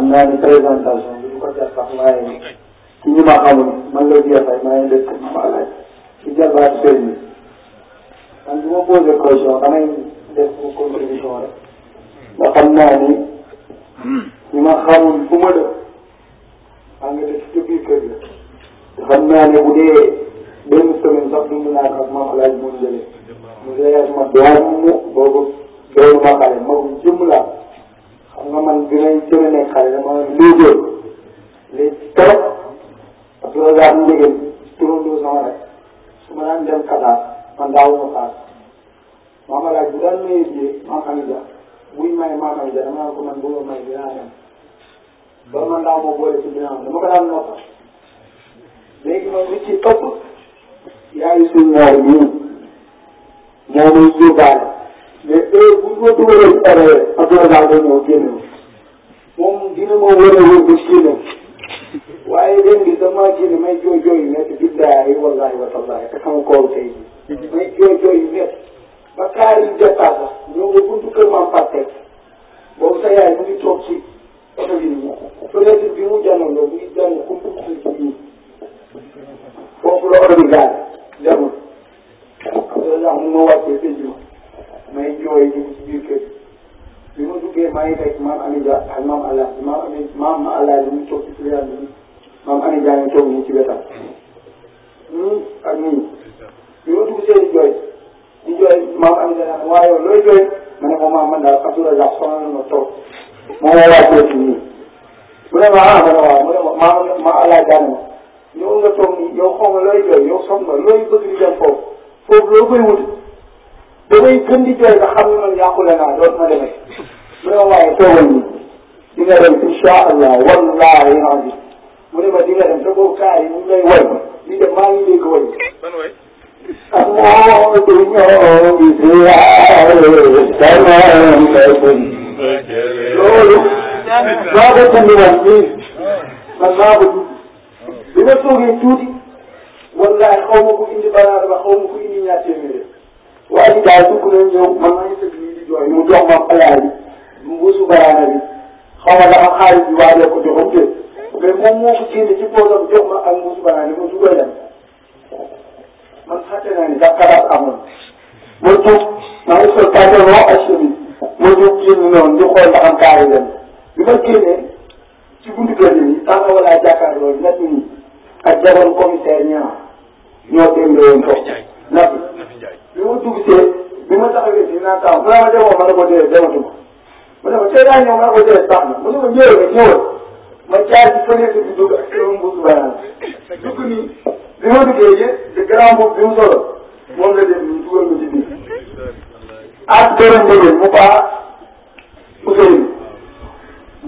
xam naa ne présentation bi ñu ko def sax waaye ci ñi ma xamul man la jeexal maa ngi def ci ma laaj ci jàllbaatu sëriñ bi man bu ma posé question damay def pour contribution rek nga xam naa ni ñi ma xamul fu ma def maa ngi def ci biir kër gi te xam naa ne bu dee benn semaine sax dund naa ko ak maam laaj moom jëlee mu voyage ma doomu boobu doomu ma xale ma jëm laa xam nga man bi may gën a nekk xale dama liggéey léegi trop Abdoulaye Ndieguène turandoo sama rek su ma daan dem Qatar man daawuma paas maama laaj bu daan mayee jiyee maam Amida buy may maam Amida dama naan ko man bu ma may dinaa dem ba man daaw ma boole ci ginnaaw dama ko daan noppa léegi man li ci ëpp yaayu suñu ñaar bii moo muy yóbbaale mais heure bu ma dugalee ci dara yëpp affaire daal day ñëw génn moom dina ma wane wër ba génn waaye ren gi damaa génn may jooy jooy yu métti billaahi wallaahi wa tallaahi te sama kooru tey jii may jooy jooy yu métti ba kaar yi jàppaat la ñoo nga buntu kër maam Pape boobu sa yaay mu ngi toog ci oto bi fenêtre bi mu jàngandoo mu ngi jàng kumpu kumpu bi foofu la oto bi gaar demul loolu daal mu ma wàccee may jooy dugg ci biir kër bi ma duggee maa ngi fekk maam Ami Dia ak maam Allah maam Ami maam Allah ñu ngi toog ci biir bi maam Ami Dia ñu toog nii ci wetam nii ak nii bi ma dugg see di jooy di jooy maam Ami Dia waaye looy jooy ma ne ko maam man daal Abdou Razak na ma toog moo ma waajoo ci nii mu ne daan ah, ma ñëw nga toog nii yow xaw looy jooy yow soog nga looy bëgg di dem foofu foofu loo koy wut ba may gën di jooy nga xam ne man yàqule naa dootuma demee mu ne ma waaye toogal nii di nga dem incha allah wallaahi rabi mu ne ma di nga dem sa boobu kaay ñu lay way di dem maa ngi dégg way amoo du ñoo ngi siyaare sama ko dund man nii man maa ko dund bi ma ma ko indi banaana ba waaye ji daal dugg nañ ñëw man maa ngi tëdd nii di jooy mu jox ma palaay bi mu wusu baraana bi xaw ma dafa xaalis bi waajal ko joxam déet mais moom moo ko génne ci poosam jox ma ak wusu baraana ma dugal dem man fàtte naa ne dafa amoon ma jóg maa ngi sol pantalon ak chemise ma jóg génn noonu di xool ba am kaare dem bi ma génnee ci buntu kër yi tant que wala jàkkaarloo ñett ñi ak jaroon commissaire ñaar ñoo démb woon foofu bi ma dugg see bi ma taxawee fii naan taw mu ne ma demoo ma ne ko dee dematu ma mu ne ma tey daa ñëw ma ne ko dee baax na mu ne ma ñëwal nga ñëwal ma jaar ci fenêtre bi dugg ak sama mbuusu banaan dugg nii bi ma duggee yëpp grand boobu bi mu solo moom la dem nii dugal ma ci biir ak borom bëggee mu baax Ousseynou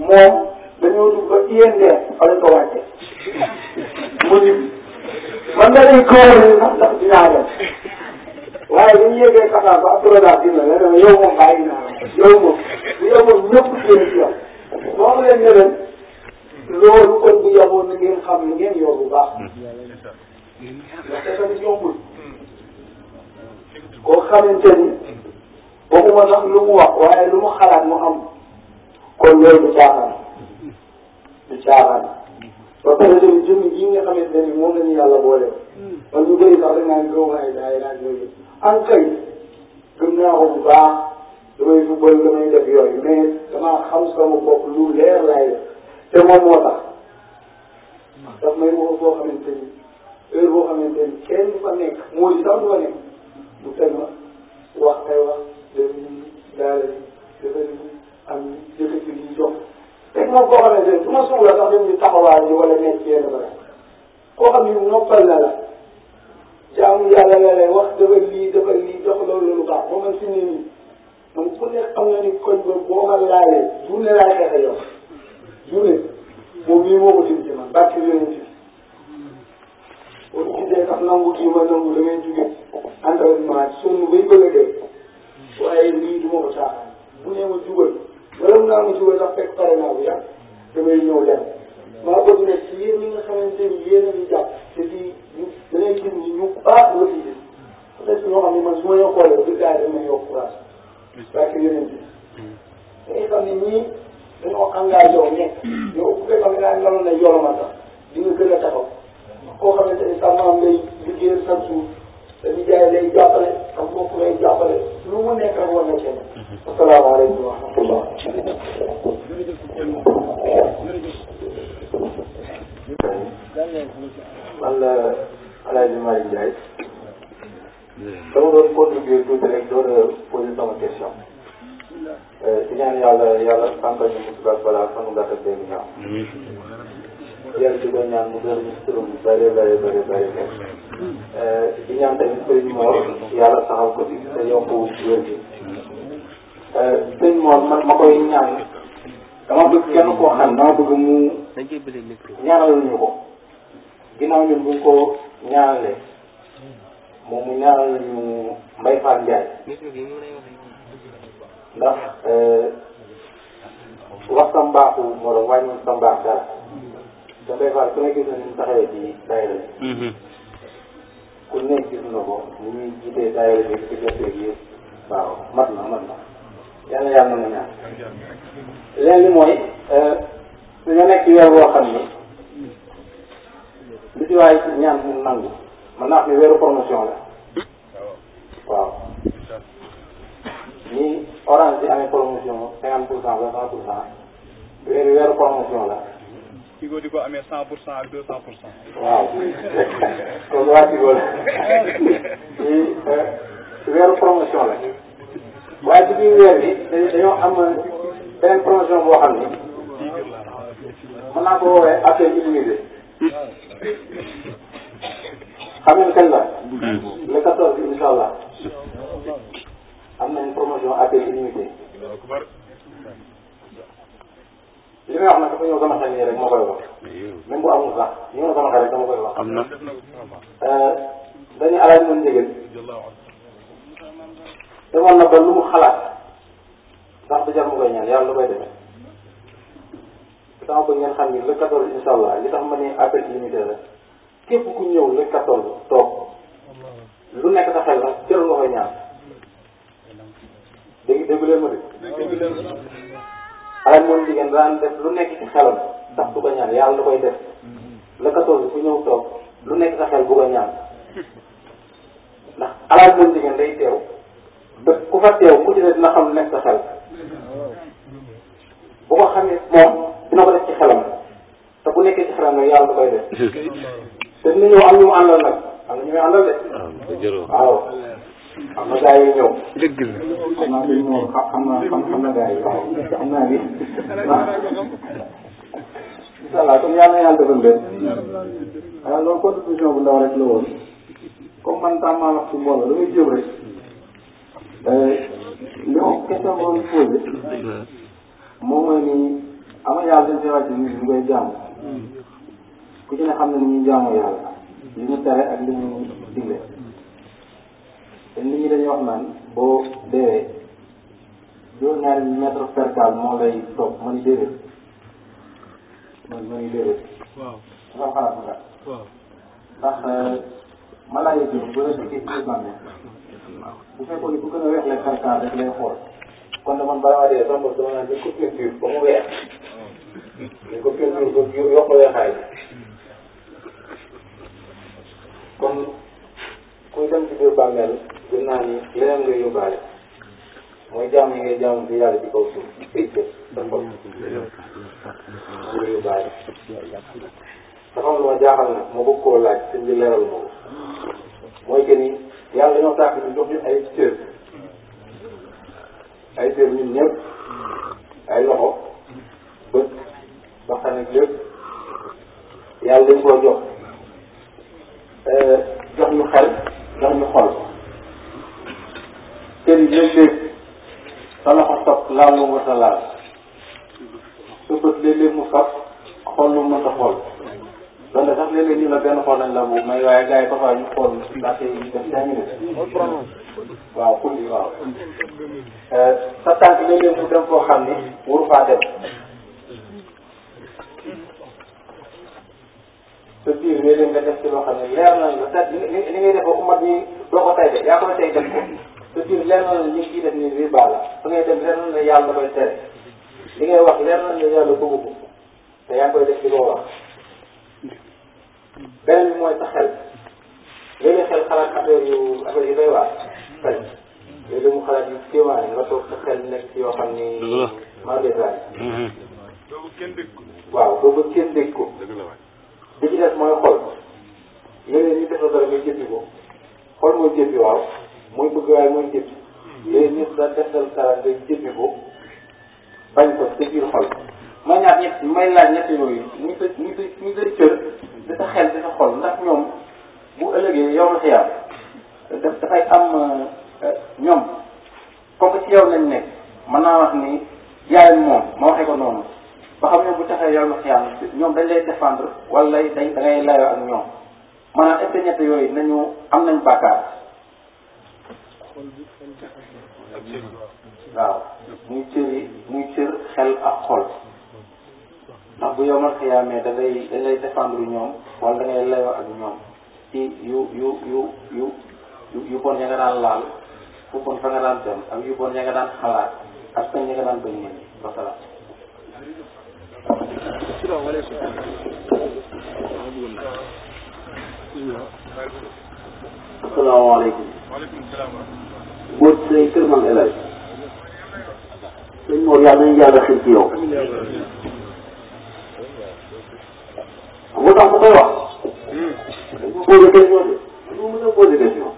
moom dañoo dugg ba INDR fa lañ ko wàcce mu ñibbi man daa leen góor ñi sax ndax dinaa dem waaye bu ñu yëgee Fatal ba Prodac dina la dama yow moom bàyyi naa la yow moom bu yemoon ñëpp jëlee ci yow moo leen ne leen loolu kon bu yemoon na ngeen xam ni ngeen yor bu baax ndaxte tamit yombul koo xamante ni bokkuma sax lu mu wax waaye lu mu xalaat mu am kon loolu du caaxaan du caaxaan ba pare tamit jëmm yi nga xamante ne moom la ñu yàlla boole man ñu bëri sax dañ naan gëw ay daay laaj yooyu am xëy gëm naa ko bu baax damay football damay def yooyu mais damaa xam sama bopp lu leer laay def te moom moo tax daf may woo foo xamante ni heure boo xamante ni kenn fa nekk mooy sax du fa nekk mu teg ma wax ay wax def lii daara lii dafa lii am jëkkati lii jox teg ma koo xamante ni su ma soxla sax dem di taxawaay wala nekk yenn bala koo xam ni noppal na la jaamu yàlla la lay wax defal lii defal lii jox loolu lu baax ba man fi mu ne nii man ku ne xam ni koñ ba boo ma laalee journée laay xeex ak yow journée moom mii moo ko tim ci man bàcc yonent bi boo li may wax nag dafa ñëw sama xel nii rek moo koy wax même bu amul sax li ñëw sama xel rek dama koy wax. am na. Euh, dañuy alal mën njëgal demoon na ba lu mu xalaat ndax du jar mu koy ñaan yàlla lu koy demee dama bëgg ngeen xam ni le 14 incha li tax ma ne appel limité la képp ku ñëw le 14 toog lu nekk sa xel la jarul nga koy ñaan dégg déggu leen ma de. alal moom jigéen daan def lu nekk ci xelam ndax du ko ñaan yàlla da koy def la ko toog toog lu nekk sa xel bu ko ñaan ndax alal moom jigéen day teew ba ku fa teew ku ci ne dina xam lu nekk ko xamee moom dina ko def ci xelam te bu nekkee ci xelam nag yàlla da koy te dina ñëw am ñu na ñu muy àndal de waaw xam nga gars yi ñëw. dëgg la xam naa dañu ñëw xam naa xam na gars yi waaw xam naa ni waaw. incha allah comme yàlla na yàlla defal leen. waaw loolu contribution bu ndaw rek la woon comme man tàmmaa wax ci mbooloo damay jëm rek. li ma question boobu posé. moom mooy ni ama yàlla dañ si wàcc nit ñi koy jaamu. ku ci ne xam ne ni ñuy jaamoo yàlla. li mu tere ak li mu digle. te nit ñi dañuy wax naan boo deewee juróom-ñaari mètre percale moo lay toog man déedéet man man déedéet. waaw nga xalaat nga. waaw ndax euh, malaayika bu la dikkee ci bàmmeel bu fekkoon ni bu gën a weex la percale kon nag man balaa ma dee sama bopp ko peinture ba mu weex dañ ko kon kuy dem ci biir bàmmeel gëm naa ni leneen nga yóbbaale mooy jaamu yi ngay jaamu fi yàlla ci kaw suuf say jëf sa xol nga yóbbaale dafa am lu ma jaaxal nag ma bëgg koo laaj sëñ bi leeral ma ko mooy que ni yàlla dañoo tàkk ñu jox ñu ay cër ay cër ñun ñëpp ay loxo bët baxan ak lépp yàlla dañ koo jox euh, jox ñu xel jox ñu xol seen léeg-léeg sa loxo topp laal lu wër sa laal sa bët léeg-léeg mu fab xool lu mënta xool donte sax léeg-léeg ñu la benn xool nañ la bu may waaye gars yi parfois ñu xool ndax yi def cinq minutes waaw pour waaw euh, sa tànk léeg-léeg mu dem foo xam ni waru faa dem sa biir léeg-léeg nga def ci loo xam ne leer nañ la te li ngay def ba umat bi doo ko tay de yaa koy tay def ko su ci leer na li ciy def nii riba la fu ngay dem leer na ne yàlla da koy tere li ngay wax leer na ne yàlla bëggu ko te yaa ngi koy def di ko wax. beneen bi mooy sa xel léegi xel xalaat affaire yu affaire yu doy waar xel léegi mu xalaat yu kéemaane nga toog sa xel nekk ci yoo xam ni. maa ngi lay mm-hmm. waaw boobu kenn dégg ko. li ci des mooy xol. yéen ñu def la dara nga jëndi ko xol mooy jëndi waaw. mooy bëgg waaye mooy jëppi léegi nit da desal dara nga jëppi ko bañ ko sa biir xol may ñaar ñett may laaj ñett yooyu muy sa muy sa muy sa cër di sa xel di sa xol ndax ñoom bu ëllëgee yow la xiyaam daf dafay am euh, ñoom comme ci yow lañ nekk wax ni yaayam moom ma waxee ko noonu ba xam ne bu taxee yow la xiyaam ñoom dañ lay défendre wala dañ da ngay layoo ak ñoom maanaam est-ce que ñett yooyu nañu am nañ bàkkaar waaw muy mu muy cër xel ak xol ndax bu yomal xiyaamee da ngay da ngay défendre ñoom wala da ngay layoo ak ñoom ci yu yu yu yu yu bon bon fa nga daan yu bon ya nga daan xalaat ak pen ya nga asalaamaaleykum. waaleykum salaam. Mor Seye Kër Maam El Hadj. sëñ Mor yàlla nañu yàlla xëy ci yow. moo tax mu koy wax. dañu posé question de. dañu mën a posé question.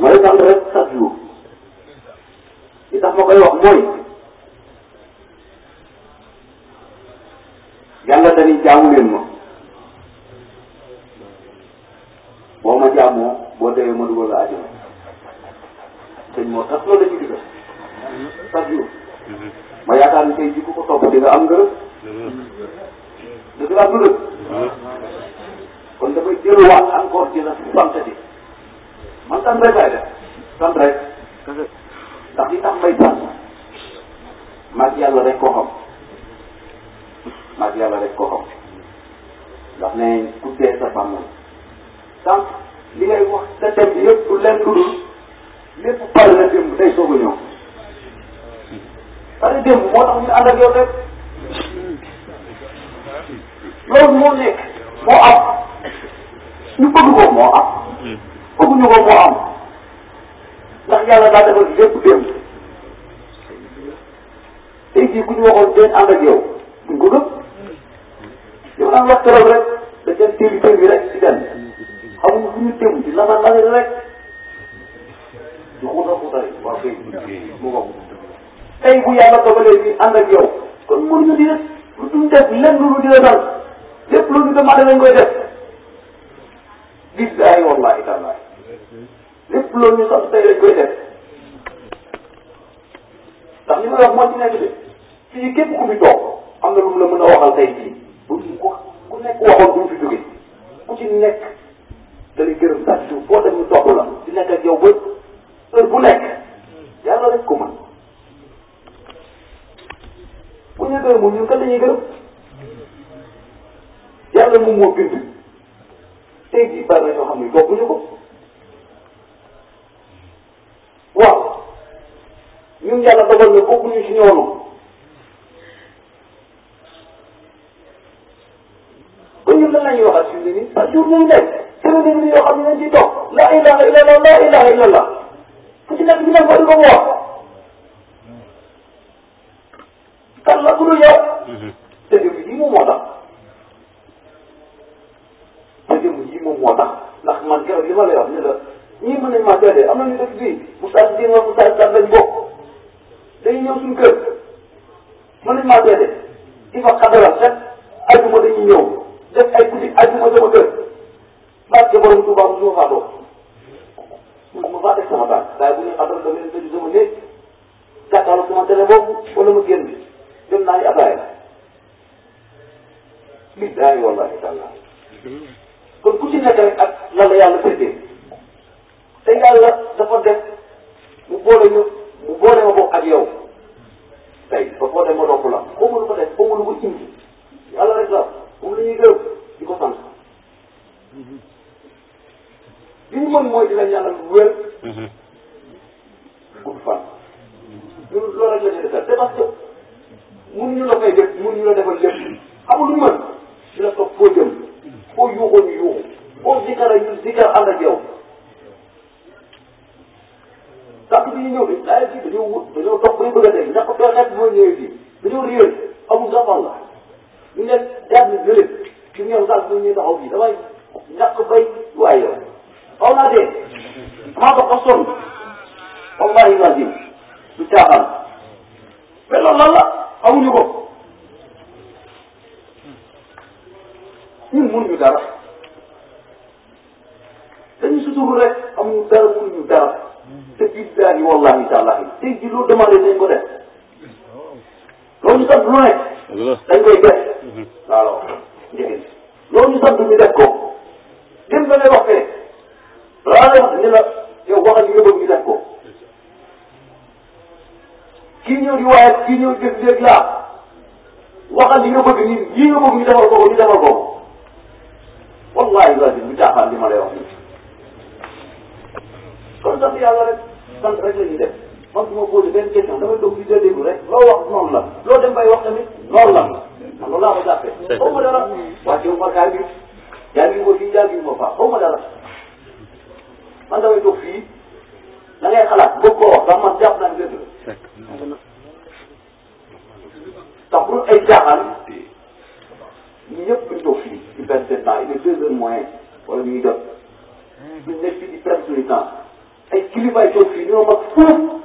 ma lay tax rek chaque jour. li tax ma koy wax mooy. ku dul yow. te jëmm ji moom moo tax. te jëmm ji moom moo tax ndax man keroog li ma lay wax ne la ñii mën nañ maa seede am na ñu def bii Moussa Dieng wala Moussa Diagne lañ bokk dañuy ñëw suñu kër mën nañ maa seede di fa xadaral rek ajuma dañuy taalibe jàngiñ ko fii jàngiñ ko faa xaw ma dara man damay toog fii da ngay xalaat bëgg koo wax ndax man jàpp naa ne dëgg la ndax bu ay jaaxaan ñëpp ñu toog fii di perdre seen temps il est deux heures moins wala ñuy jot ñu nekk fii di perdre suñu temps ay kilifaay toog fii ñoo mag foofu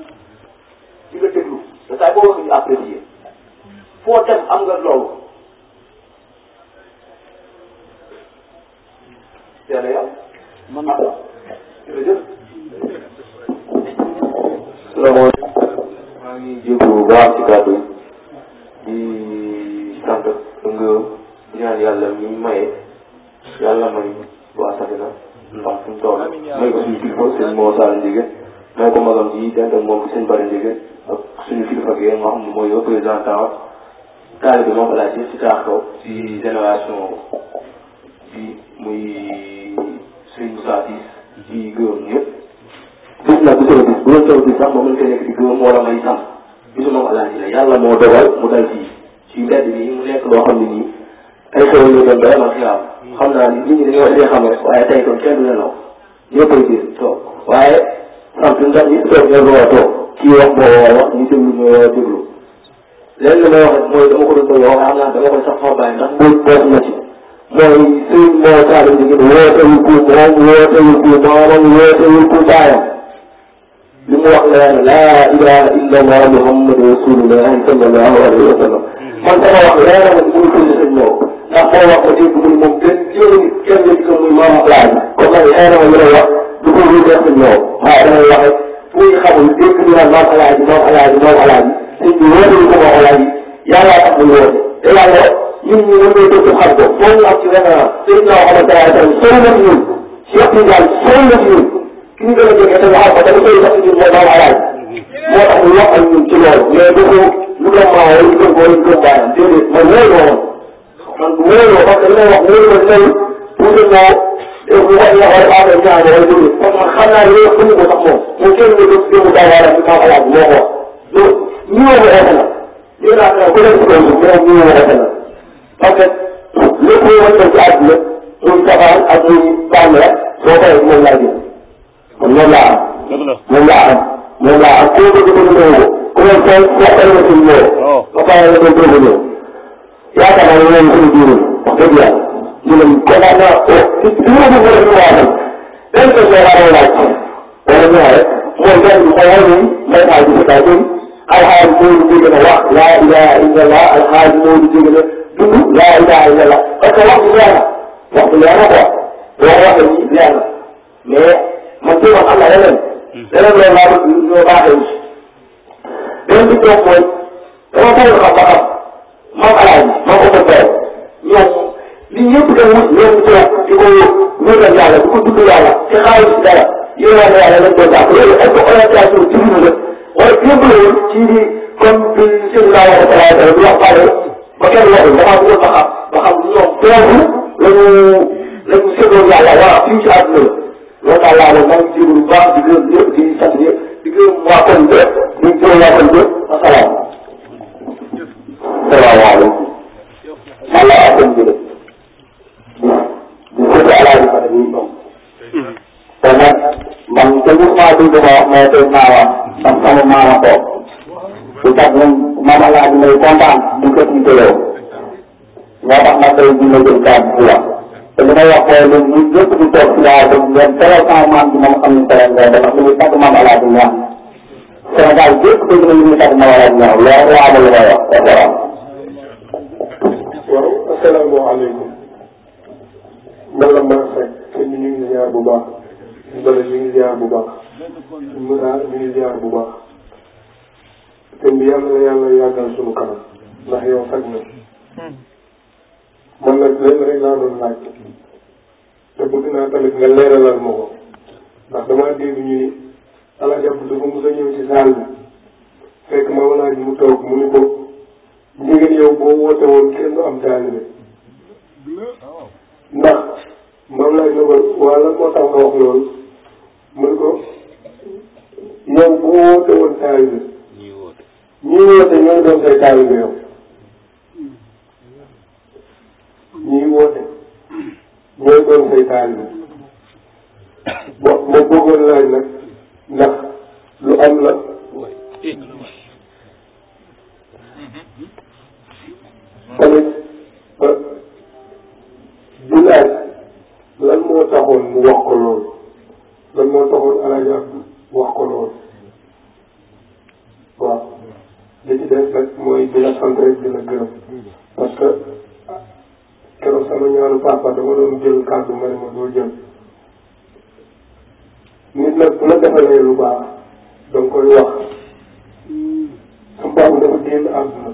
di la déglu te saa boo waxee ñu apprécier foo dem am nga loolu. président Awa taal bi moo ko laaj ci taax ko ci génération bi muy Serigne Moussa Ciss di gërëm ñëpp. gis na bu soobee gis bu doon soobee gis sax moom lañ moo la may sàmm gisuma ko laaj la yàlla moo dogal mu dal fii ci mbedd mi mu nekk loo xam ne nii ay xew yoo doon vraiment xiraam xam naa ni nit ñi dañoo dañoo xam rek waaye tey kon kenn du nelaw ñëpp ay gis toog waaye sant ndax ñi toog ñoo war a toog kii wax moo war a wax ñu déglu ñoo war a déglu léegi li may wax mooy dama ko doon bëgg a wax xam naa dama koy sax xaw a bàyyi ndax mbóot bokk na ci mooy suñ moo saali jigéen wootewul ku moom wootewul ku maamam wootewul ku baayam li mu wax la laa ilaha illa allah muhammadu rasulullahi sallallahu alayhi wa sallam man sama wax leer na mu ngi tudd sëñ Ndao ndax moo wax ko dégg muy moom kenn jëlu kenn la ci ko muy maam ak laaj kon nag leer na ma li may wax du ko wéy def sëñ Ndao waaye damay wax rek muy xamul dégg ñu naan maam alaaji maam alaaji maam alaaji nit ñi wóorul ko ko walaay yàlla tax ñu wóor te yàlla ñun ñu mën nañu dëgg xam ko foofu ñu am ci référence Seydina Muhammad sallallahu alayhi wa sallam sori na ci ñun Cheikh Tidiane sori na ci ñun ki ñu gën a jege te waxal ko dafa sori sax ci ñun mooy doomu alaay moo tax ñu wax ak ñun ci loolu mais du ko lu doon maa wala lu doon wala lu doon baayam déedéet man wóoruloo woon man wóoruloo parce que li may wax wóoruloo tey pour que ñoo def mu wax ñoo war a baaxee ñaar wala déedéet parce que xam naa ne loolu xamu ko sax moom mu kenn nga dégg dégg daaw waaye daal di maa xalaat moo ko wax niveau bu xeex na lii laa koy waxee ku nekk ci niveau bu xeex na parce que lépp loo mën a def ci àdduna muy safaan ak muy bànneex soo koy moom laa jël kon moom laa am. moom laa am moom laa am ku ko bëgg bëgg ñëw ku ne soo waxtaan nga suñu ñëw. Oh. ba pare nga koy bëgg ñëw yaakaar naa ne loolu suñu diine wax dëgg yàlla ñu ne kon naa naa li ma bëgg rek ñu waatal benn question laa doon laaj wala ñu wax rek mooy benn xaw ma ni mbéy maa ngi si alxaaj moo di dégg na wax laa ilaha illa allah alxaaj moo di dégg na dund laa ilaha illa allah parce que wax bi leer na wax bi leer na quoi boo ko waxee nii leer na mais man ci wax am na leneen leneen loolu laa bëgg ñoo baaxee ci beneen bi toog mooy dama bëgg xam ba xam moom alaaj bi moo ko bëgg ñoom li ñëpp dem wut ñoom di toog di ko wóotal yàlla di ko dund yàlla ci xaalis dara yéen a yàlla lañ doon dàq loolu est ce que orientation jublu la waaye yëngu la woon ci comme bi sëñ Ba waxee sa laaj rek wax bàyyi ba kenn waxul damaa bëggoon ba xam ba xam ñoom boobu la ñu la ñu séddoon yàlla wala fii ci àdduna la loolu daal laa doon maa ngi jéem lu baax di gërëm ñëpp di sant ñëpp di gërëm waa kon ñëpp di gërëm waa kon ñëpp asalaam. salaamaaleykum. yàlla ak kon jërëjëf. ñu jënd alaaji Fatick yi ñoom. kon nag man dañu maa dund ma wax mais tey naa wax. man sama maama toog bu tax moom maam Alaaji Mbay kontaan di ko tiitaloo moo tax nag tey jii ma jël kàddu bu wax te li may wax mooy lu ñu ñëpp di toog si waaye dañu leen teral sama maam bi moom xam ne teral nga dafa lu muy tagg maam Alaaji Ñaŋ Sénégal yëpp dégg nañu lu muy tagg maam Alaaji Ñaŋ loolu laa ma li may wax waaw waaw asalaamaaleykum man la ma fekk ñu ngi ziar bu baax ñu ngi ziar bu baax mu daal ñu ngi ziar bu baax sëñ bi yàlla na yàlla yàggal suñu kanam ndax yow sag na man nag lenn rek laa doon laaj te bëgg naa tamit nga leeralal ma ko ndax damaa dégg ñu ni Alaaji Abdu dafa mos a ñëw ci saal bi fekk ma walaaj mu toog mu ni ko njëgën yow boo woote woon kenn du am taalibe ndax maam laaj na ko waa lan moo tax nga wax loolu mun ko ñoom bu ñu woote woon taalibe ñi woote ñi woote ñooy doon say taalibe yow ñi woote ñooy doon say taalibe bon ma bëggoon laaj nag ndax la tamit lan moo taxoon mu lan moo taxoon alaaj wax li ci des rek mooy di la sant rek di la gërëm parce que keroog sama ñaanu papa dama doon jël kàddu ma ne ma doo jël nit nag bu la defalee lu baax da nga koy wax sama papa dafa génn àdduna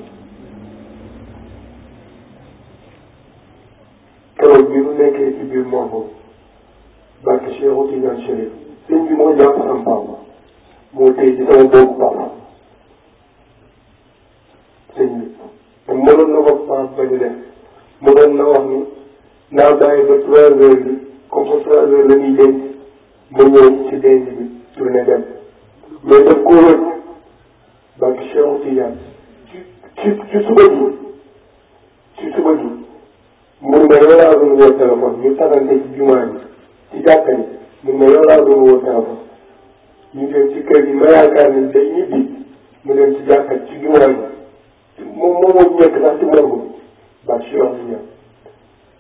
keroog bi mu nekkee ci biir morgo barke Cheikh Tidiane Chérif sëñ bi moo jàpp sama papa moo téye ci sama boobu papa demoon na ko France ba ñu def mu doon na wax ni naaw daañu ba trois heures bi comme que trois heures la ñuy denc mu ñëw ci denc bi tourné dem mais daf koo wëcc ba Cheikh Tidiane ci ci suba ji ci suba ji mu ne yow laa doon woo téléphone ñu tànnante ci jumaa ji ci jàkka ji mu ne yow laa doon woo téléphone ñu dem ci kër gi ma yaakaar ni day ñibbi mu dem ci jàkka ci jumaa ji moom moom moo ñekk sax ci morgue bi ba ci yoon bi ñëw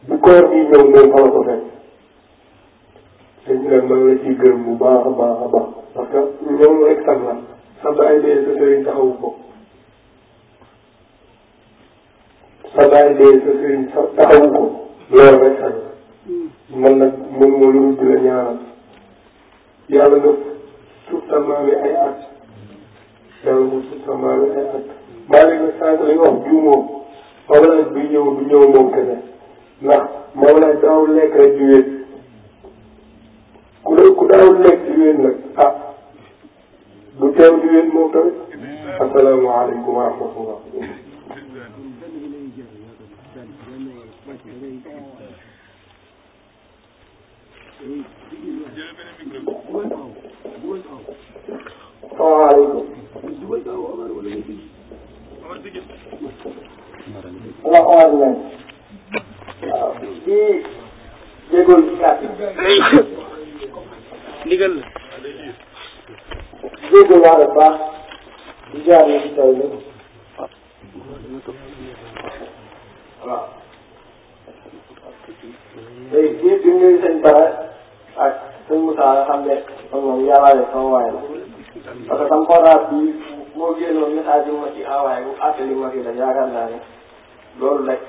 bu koor gi ñëw ñoom fa la ko fekk sëñ bi nag man la ciy gërëm bu baax a baax a baax parce que ñoom rek sax la sax ay dee sa sëriñ taxawu ko sax ay dee sa sëriñ taxawu ko loolu rek sax la man nag mën moo lu di la ñaanal yàlla nga suuf sama bi ay at yàlla nga suuf sama bi ay at maa ngi leen sànq li nga wax juumoo Mawla bi ñëw du ñëw moom kese ndax Mawla daaw lekk rek di wéet ku ne ku daaw lekk di wéet nag ah du teew di wéet moom tamit asalaamaaleykum wa rahmatullah. waaw orange lañ. waaw di jégalu kàddu gi. ndigal la. jégalu waa la baax. di jaar ci taw bi. waaw. léegi kii bi ñu ngi seen bara ak sëñ Moussa xam ne moom moom na sama waay boo génnoon message bi ma ci envoyé bu fàttali ma fi la yaakaar naa ne loolu rek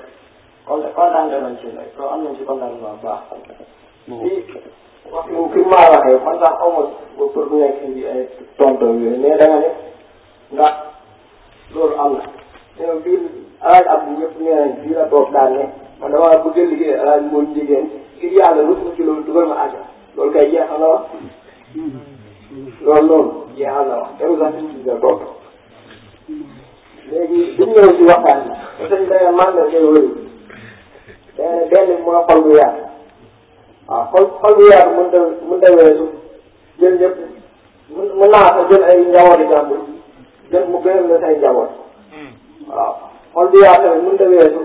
kontaan kontaan nañ ci rek soo am nañ ci kontaan bu baax. fii wax dëgg fi maa waxee man sax xaw ma pour nekk ci ay tontu yooyu mais da nga ne ndax loolu am na. mais biir alaaj ab bu ñëpp nee nañ bii la toog daan ne man damaa bëgg liggéey alaaj mooy jigéen ngir yàlla lu ci loolu dugal ma àgg loolu kay jeex na wax. Hmm. loolu loolu jeexal na wax jarul sax ci biir bopp léegi bi ñu ñëw ci waxtaan bi sëñ bi da nga mandarga yu wëri benn mooy xol bu yaatu waaw xol xol bu yaatu mënut a mënut a weesu jël ñëpp mën naa ko jël ay njabooti jàmbur jël mu gënal la say njaboot hmm. waaw xol bu yaatu tamit mënut a weesu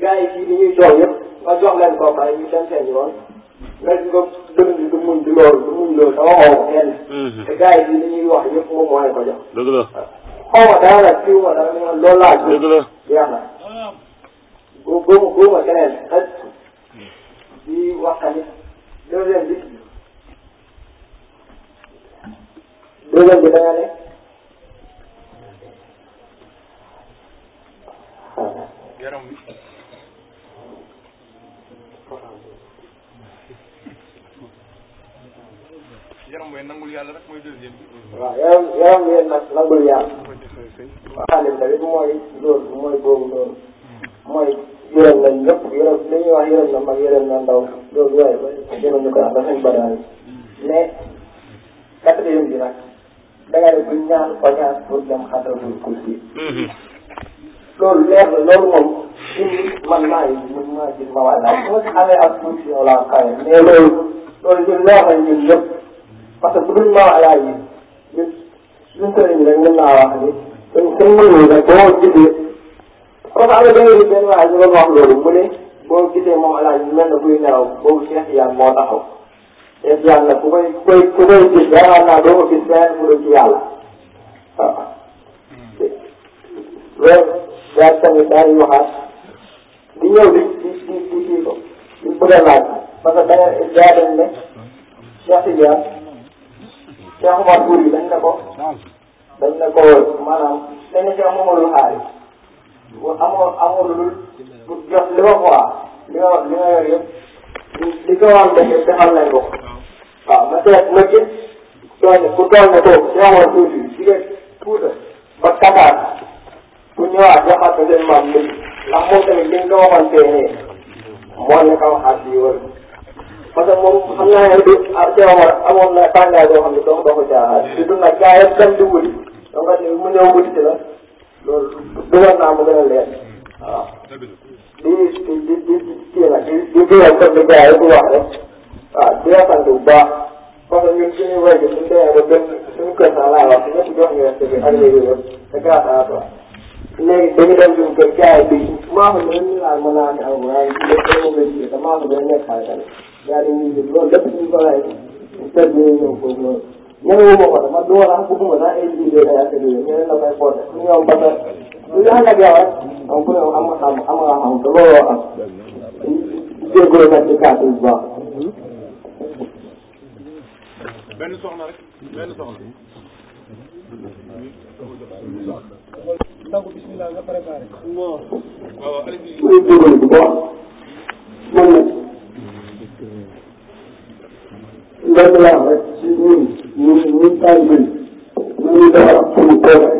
gars yi fii ni ñuy coow yëpp nga jox leen ko pare ñu dem seen yoon nañ ko dënnu bi du muñ ci loolu du muñ loolu sama xaw ma kenn. Mhm. te gars yi li ñuy wax yëpp moom moo leen ko jox. dëgg la ah. xaw ma dara nag kii ma dara ne man loolu laa. dëgg la jeex na. boo boo boo ma keneen xaj di wax tamit deuxième bi deuxième bi da nga ne. yaram bi. yaram way nangul yàlla rek mooy deuxième bi. waaw yaram yaram ween nag nangul yàlla. xaalis tamit mooy loolu mooy boobu noonu. mooy yërëm nañ lépp yërëm li ñuy wax yërëm na mag yërëm na ndaw loolu waaye ba yërëm ñu ko am dafañ badaal mais quatrième bi nag dangay def bu ñaan ko ñaan pour dem xadratul kursi mhm. loolu leer na loolu moom ci man maa ngi man maa ngi ma wàll ma amee ak tuuti yow laa kawe mais loolu loolu ñun leer na ñun lépp parce que bu dul maam alaay yi ñun suñu sëriñ rek mën naa wax ni suñ suñ mënul rek boo gisee comme am na benn benn waay ñu doon wax loolu mu ne boo gisee moom alaay yi mel na buy nelaw boobu Cheikh Yane moo taxaw Cheikh Yane nag ku koy ku koy ku koy gis yaakaar naa doo ko gis beneen bu dul ci yàlla waaw loolu daal tamit daal di waxaat di ñëw di di di di ko di bëgg a laaj parce que da nga daa dem ne Cheikh Yane Cheikh Omar Foutiyou dañ ne ko dañ ne ko maanaam dañ ne Cheikh Momadou Xaari amoo amoo lu dul jox li ma ko wax li nga wax li nga yor yëpp li li ko wax dëgg yëpp defal nañ ko waaw ma seet ma gis kenn ku toll ne toog Cheikh Omar Foutiyou jigéen Fuuta ba Qatar ku ñëwaat joxaat ko seen maam nit ndax moom tamit li nga ko waxoon tee nee moo ne ko waxaat lii wër parce que moom xam naa ne du ah teewoo na tàngaay boo xam ne doo ko caaxaan. Mm. te du nag gaa yëpp dem di mu ñëw wuti ci la loolu bëggoon naa mu a di di di di kii nag di di di la sant bu baax parce que ñun suñu wéy bi suñu demee ba benn suñu kër sax laay wax ñëpp jox ñu respect bi ak léegi yëpp te grâce à toi léegi dañu dem suñu kër gaa yi bi maa ko gën a ñu naan ma naan a jiite te daa di ñuy jël loolu lépp ñu ko laaj teg ñu ñëw foofu noonu ñeneen wu ma ko ma la bëgguma sax ay jiite ay affaire yooyu ñeneen la koy porté ñu ñoom ba pare ñu yàq ak yow rek am ku ne am nga xam am nga xam te rek la am rek ci ñun ñun ñun taalibe yi ñu ngi defaraat suñu toogaay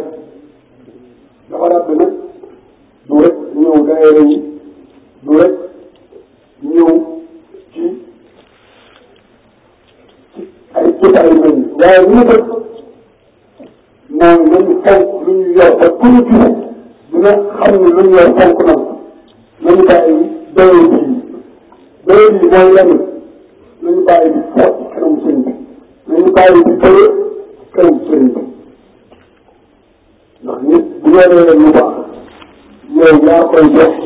defaraat bi nag du rek ñëw daayira yi du rek ñëw ci ay ci taalibe yi waaye ñu def naan nañu fonk lu ñu yor ba ku ñu gis dina xam ne lu ñu yor fonk na nañu bàyyi doyul yi doyul yi mooy lan koy jox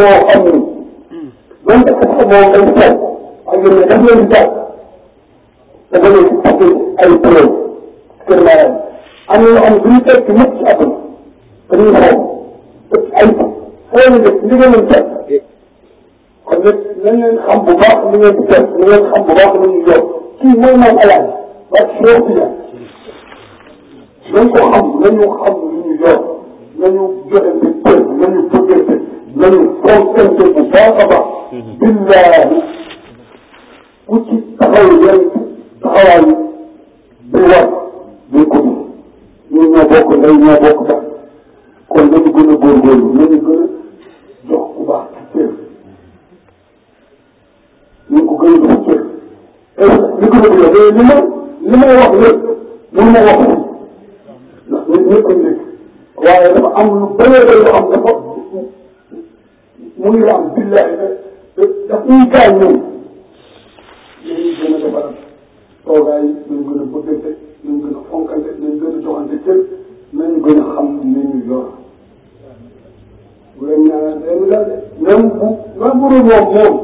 koo am man dafa xamoo ay taw xam ngeen ne daf leen taw dafa leen takk ay problème kër maanaam am na loo xam ne duñu fekk mukk ci àdduna dañuy xool ay xool nga li ngeen leen fekk eh. kon nag nañ leen xam bu baax li ngeen di fekk na ngeen xam bu baax li ñuy yor kii mooy moom alaaj ba soo fi nañ ko xam nañu xam li ñu yor nañu joxe billaahi ku ci taxaw yan taxawaay bu war ñu ko dund ñun ñoo bokk ndey ñoo bokk ba kon nañu gën a góorgóorlu nañu gën a jox ku baax ci cër ñu ko gën a jox cër li ko dëgg la mais li ma li may wax lépp lu ma wax ndax ñun ñëpp a nekk waaye dafa am lu bëree bëri lu am dafa muy raam billaahi ndax ñun gaañ ñoom dañuy gën a defar toogaay nañ gën a bëggante nañ gën a fonkante nañ gën a joxante cër nañ gën a xam ni ñu yor bu leen ñaanal leen daal de même bu même bu dul moom moom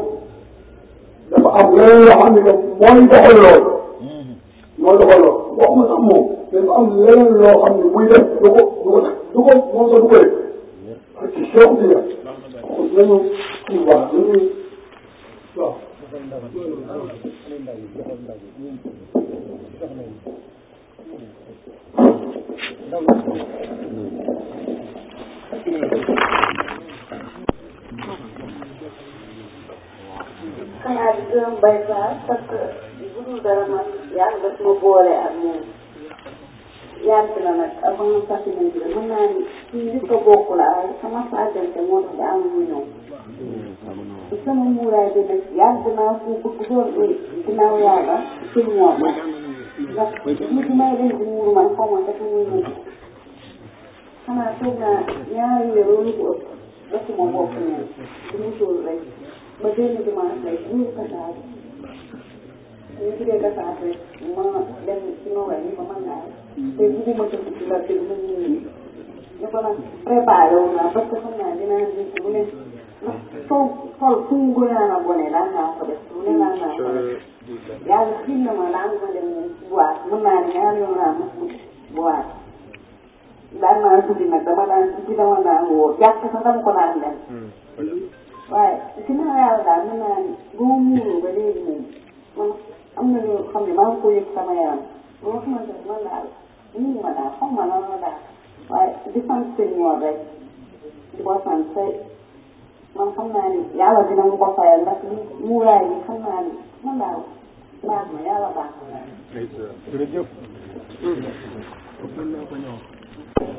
dafa am leneen loo xam ne que mooy doxal lool mooy doxal lool waxuma sax moom dafa am leneen loo xam ne buy def du ko du ko du ko moom sax du ko def parce que Cheikh Tidiane nañu waaw xanaa di gërëm Baye Fall parce que bu dul dara man yàlla daf ma boole ak moom yàgg na nag avant sax mën naa ni nit ko bokk la ay sama fàggante moo tax daa am mu ñëw te sama muuraay bi nag yàlla damaa ko bëgg doon ginnaaw yàlla ci ñoom ma ndax nit may leen di muur man xaw ma dafa muy muur xanaa toog naa ñaari weer loolu ko ëpp defuma bopp neen di musóor rek ba benn dimanche rek muur kasaar ñu tuddee kasaar rek ma dem ci noora yi ba mën naa te bugguma tëdd ci la te mu ñu ñu ko nag préparé wu naa parce que xam naa dinaa nekk bu nekk sol fu mu gënoon a gone daan naa ko def lu ne daan naa ko def yàlla xiir na ma daan ma dem boîte mën naa ne ñaar yoon laa mos guddi boîte daan naa guddi nag dama daan ci dama daan wóor jàpp sax dama ko daan dem waaye ginnaaw yàlla daal mën naa ne ba mu muuroo ba léegi moom man am na yoo xam ne maa ngi ko yëg sama yaram loo xamante ne man daal nii ma daal xaw ma lan la daal waaye di sant sëñ rek di ko sant man xam naa ne yàlla dina mu ko fayal ndax muuraay bi xam naa ne man daal baax na yàlla baax na. jërëjëf.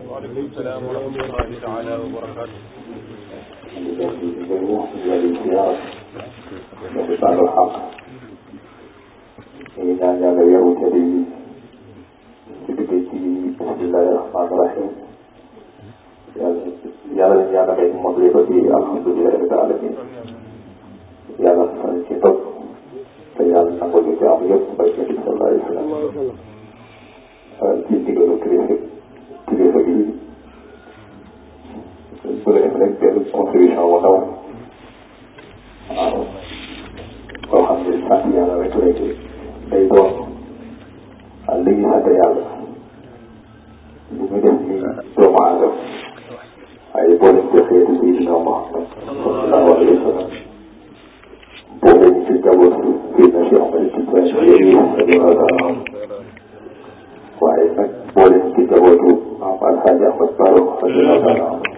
waaleykum salaam wa rahmatullahi taala wa barakaatu. ñu ñaan yàlla yow te di ci duggee ci bismillahi rahmaani rahim yàlla yàlla nañu yàlla day motali ko ci alhamdulilah rabbil alamin yàlla nañu ci topp te yàlla nangoo ñu jaam yëpp bay ci sallallahu alayhi wa sallam euh, ci ndigalu kilifa kilifa bi bu la def rek benn contribution bu ndaw waaw koo xam ne sant yàlla rek lay day doon li ñu sant yàlla li ñu def nii doomu aadama ay bon ci xeetu Seydina Muhammad sallallahu alayhi wa sallam boobu ci jaboot génn ci am ay situation yooyu radiyallahu taala anhu waaye nag boole ci jabootu maam Alxaaji Ahmad Baro radiyallahu taala anhu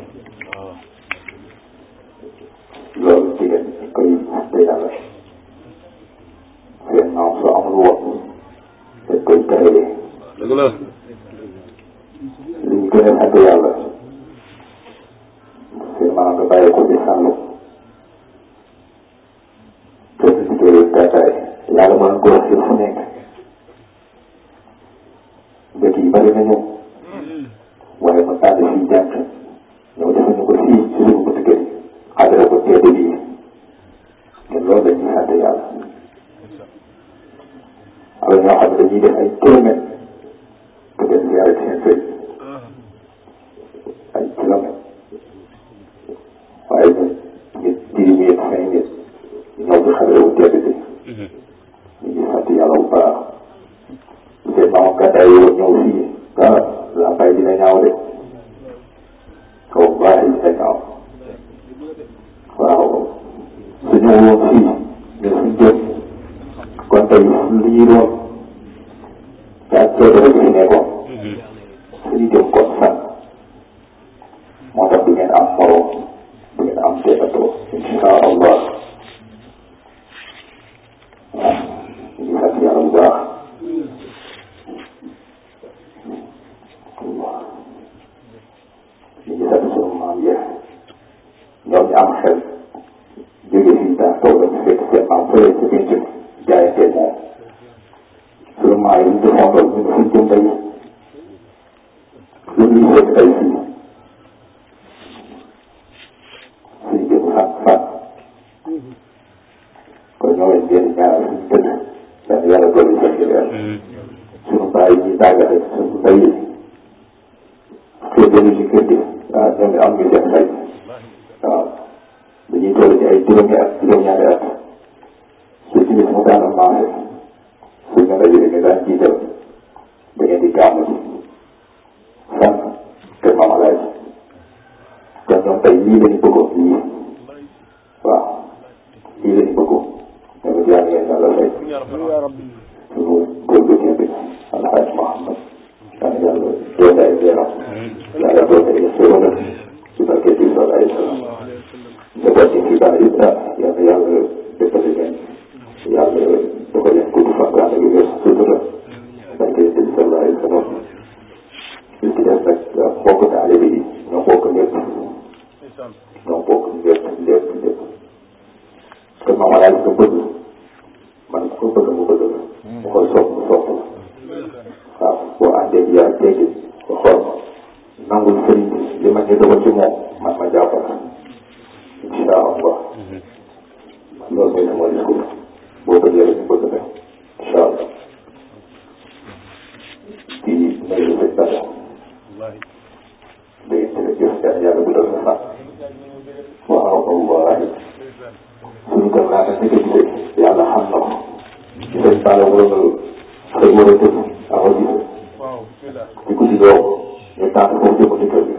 loolu jigéen ñi koy te yàlla seen maam su amul woon dañ koy teree liñ gën a sant yàlla te maanaam bàyyi ko ci Saalum te du liggéeyu gàddaay yàlla man góor si fu nekk dëkk yi bari nañu waaye mu tànn fii jànk ñëw defe ñu ko fii ci suñu buntu kër yi xajara ko tedd bii te loolu la ñuy sant yàlla am ñoo xam ne dañuy def ay kilomètres pour dem waaye ñun ñun jiw yi xëy na ñoo ngi xamee wu tedd bi. Mhm. ñu ngi sant yàlla bu baax. te maam gàddaa la mbay dina ñaaw de kaw baax yi dina ñaaw Sall wurogal xëy mo tëdd awa gise di ko si doom ñu tànn foofu jëmm ci kër gi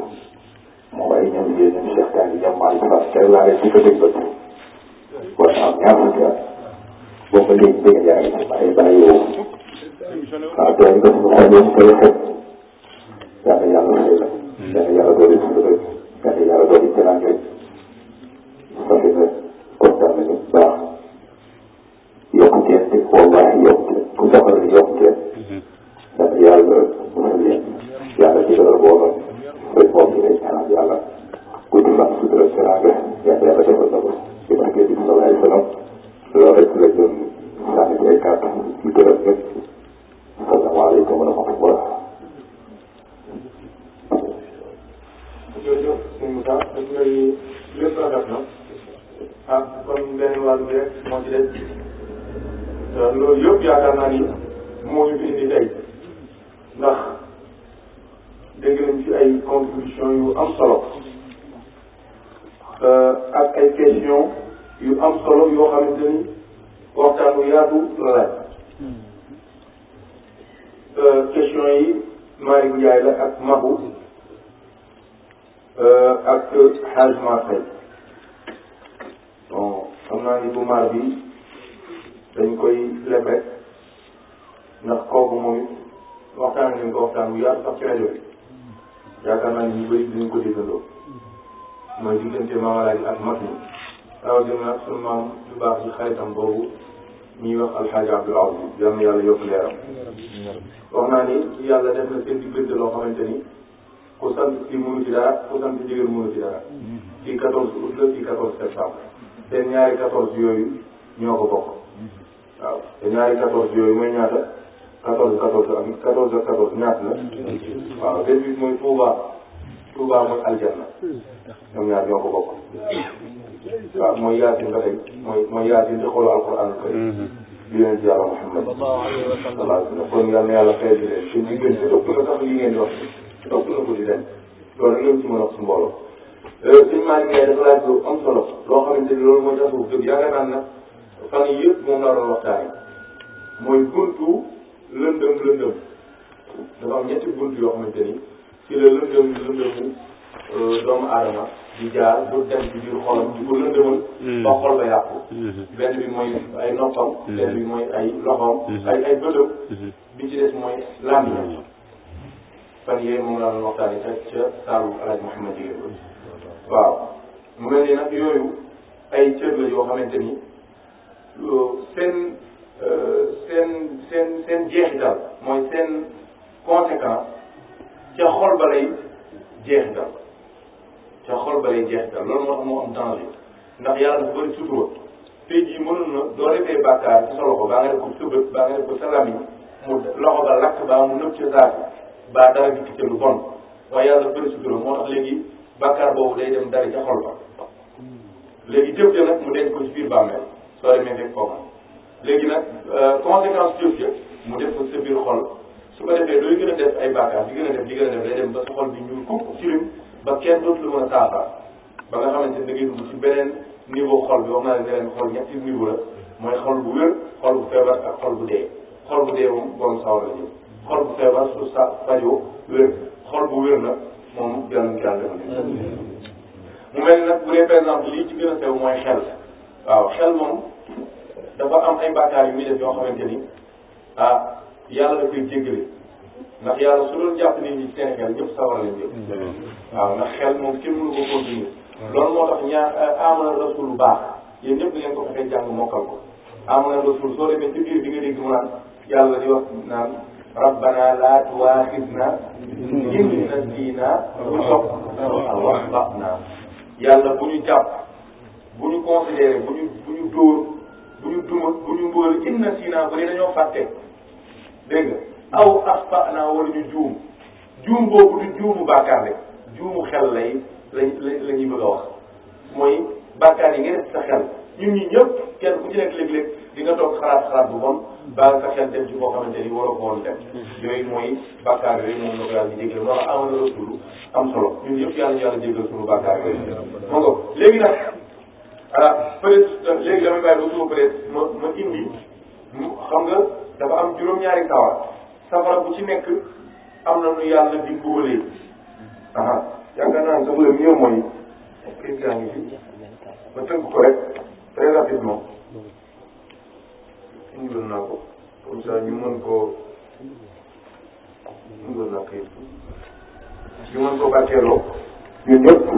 moom ay ñoom yéen ñoom Cheikh Kani ñoom Malick Fall tey laa rek ci ko tëj bët war na am ñaar fukki at boobu ba léegi dégg yaa ngi ay bàyyi woo waaw tey nga suñu xel yéen xam benn bi mooy Touba Touba mooy aljanna ñoom ñaar ñoo ko bokk waaw mooy yaasin ba tey mooy mooy yaasin di xoolu alquran karim mhm. bi yonent yàlla Muhammad sallallahu alayhi wa sallam kon yal na yàlla xeeti leen seen diggante ëpp la sax yi ngeen wax ëpp la ko di dem loolu rek ngeen ci mën a wax su mbooloo suñu maa ngi dafa laaj lu am solo loo xamante ni loolu mooy tasawuf dëgg yaakaar naa nag fan yii yëpp moom laa doon waxtaanee mooy buntu lëndëm lëndëm dafa am ñetti bunt yoo xamante ni ci la lëndëm lëndëmu euh, doomu aadama di jaar bu dem ci biir xolam di ko lëndëmal hmm. ba xol ba yàqu hmm. benn bi mooy ay noppam hmm. benn bi mooy ay loxoom ay ay bëtëm bi ci des mooy làmmiñam fan yee moom laa doon waxtaane ca ca saalu alaaj Mouhamed Jigéen waaw mu mel ni nag yooyu ay cër la yoo xamante ni seen euh, seen seen seen jeexital mooy conséquence ca xol ba lay jeexital ca xol ba lay jeexital loolu moo tax moo am danger ndax yàlla dafa bëri sutura tey jii mënoon na doo defee bàkkaar ci sa loxo baa nga def ko sa bët baa nga def ko sa lamiñ mu loxo ba lakk baa mu nëb ca saako baa dara dikk ca lu bon waaye yàlla dafa bëri sutura moo tax léegi bàkkaar boobu day dem dari ca xol ba léegi jëf ja nag mu denc ko ci biir bàmmeel soo demee fekk foofu léegi nag euh, conséquence jëf ja mu def ko ci sa biir xol su ko defee looy gën a def ay bàkkaar di gën a def di gën a def day dem ba sa xol bi ñuy kukk tilim ba kenn dootu la mën a saafara ba nga xamante ne da ngay dugg ci beneen niveau xol bi wax naa leen ne leen xol ñetti mooy xol bu xol bu feebar ak xol bu dee xol bu dee moom borom sawar la jëm xol bu feebar su sa fajoo xol bu wér nag moom jàll jàll defal mu mel nag bu dee ci gën a sew mooy xel waaw xel moom dafa am ay bàkkaar yu muy def yoo xamante ni ah, yàlla da koy jéggale ndax yàlla su doon jàpp nit ñi Sénégal ñëpp sawar lañ jëm mm-hmm. mm-hmm. waaw ndax xel moom kenn mënu ko continuer loolu moo tax ñaa euh, amana rasul baax yéen ñëpp di leen ko fexee jàng mokkal ko amana rasul soo demee ci biir di nga dégg mu naan yàlla di wax naan rabbana la tuwaaxidna in nasiina aw aw axta'na yàlla bu ñu jàpp bu ñu considéré bu ñu bu ñu dóor bu ñu duma bu ñu mbóol in nasiina bu dee dañoo fàtte dégg nga aw axtana wala ñu juum juum boobu du juumu bàkkaar rek juumu xel lay lañ la ñuy bëgg a wax mooy bàkkaar nga def sa xel ñun ñi ñëpp kenn ku ci nekk léeg-léeg di nga toog xalaat xalaat bu bon ba sa xel dem ci boo xamante ni waroo ko woon dem yooyu mooy bàkkaar yooyu moom la ko yàlla di jégal wala na solo ñun ñëpp yàlla ñu yàlla jégal sunu bàkkaar yooyu ma nga léegi nag ah peut être léegi damay bàyyi ba suba peut être ma ma indi xam nga dafa am juróom-ñaari kawar safara bu ci nekk am na nu yàlla di góolee aha yaakaar naa ne sax le mieux mooy président ngi fi ma tënk ko rek très rapidement indiloon naa ko comme ça ñu mën koo indiloon naa ko ñu mën koo bàkkeeloo ñun ñëpp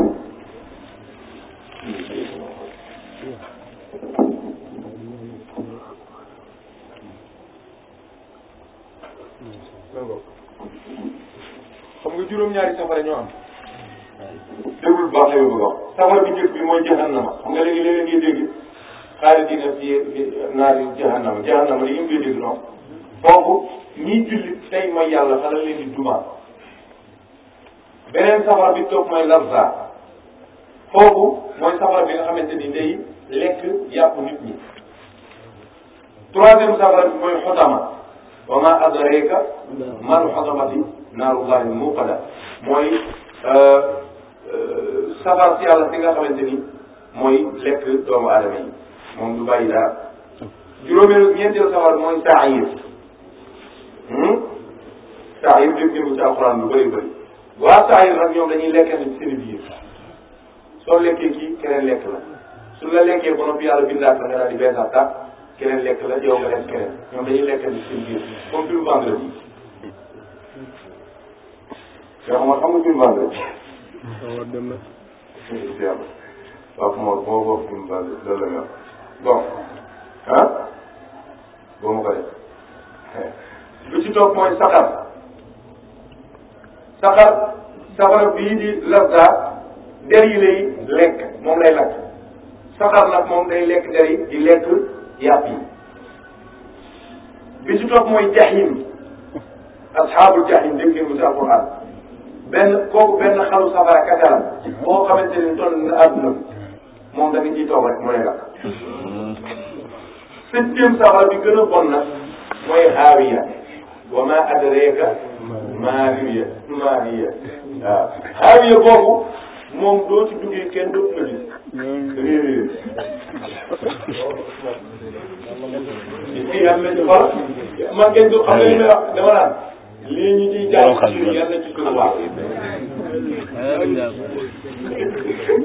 xam nga juróom-ñaari safara ñoo am. déglu baax la bëgg a wax safara bi njëkk bi mooy jahannama xam nga léegi léeg-léeg ngay di na ci naar yi jahannama jahannama li ngeen koy dégg noonu. donc ñiy jullit tey mooy yàlla xala leen di dumaat beneen safara bi toog mooy larza foofu mooy safara bi nga xamante ni day lekk yàpp nit ñi troisième safara bi mooy wa ma adraka mal xasamati naarullahi muqada mooy safar si yàlla si nga xamante ni mooy lekk doomu aadama yi moom du bàyyi dara juróomeelu ñeenteel safar mooy saayir saayir dégg ngeen ko ci alxuraan lu bëri bëri waa saayir nag ñoom dañuy lekkante ci seen biir soo lekkee kii keneen lekk la su la lekkee ba noppi yàlla bindaat la nga daal di beesaat keneen lekk la yow nga lekk keneen ñoom dañuy lekk ci seen biir comme biir vendredi. yoo xam nga xam nga biir vendredi. waaw dem na. yàlla Pape Mor boo bokk biir vendredi loolu la ñu bon ah boo ma ko def lu ci toog mooy saxar saxar saxar bii di lasda der yi lay lekk moom lay lakk saxar nag moom day lekk der yi di lekk. yàpp yi topp mooy jahim asxaabul jahim dégg ngeen ko ci alquran benn kooku benn xalu safara kataram boo xamante ne toll na àdduna moom da nga ciy toog rek mu lay lakk bi gën a bon nag mooy xaawiya wa ma adraka maawiya maawiya waaw xaawiya boobu moom doo ci duggee kenn dootu la gis kii am nañu fa man kenn du xam nga li may wax dama naan lii ñu ciy jaay yàlla ci suñu waaw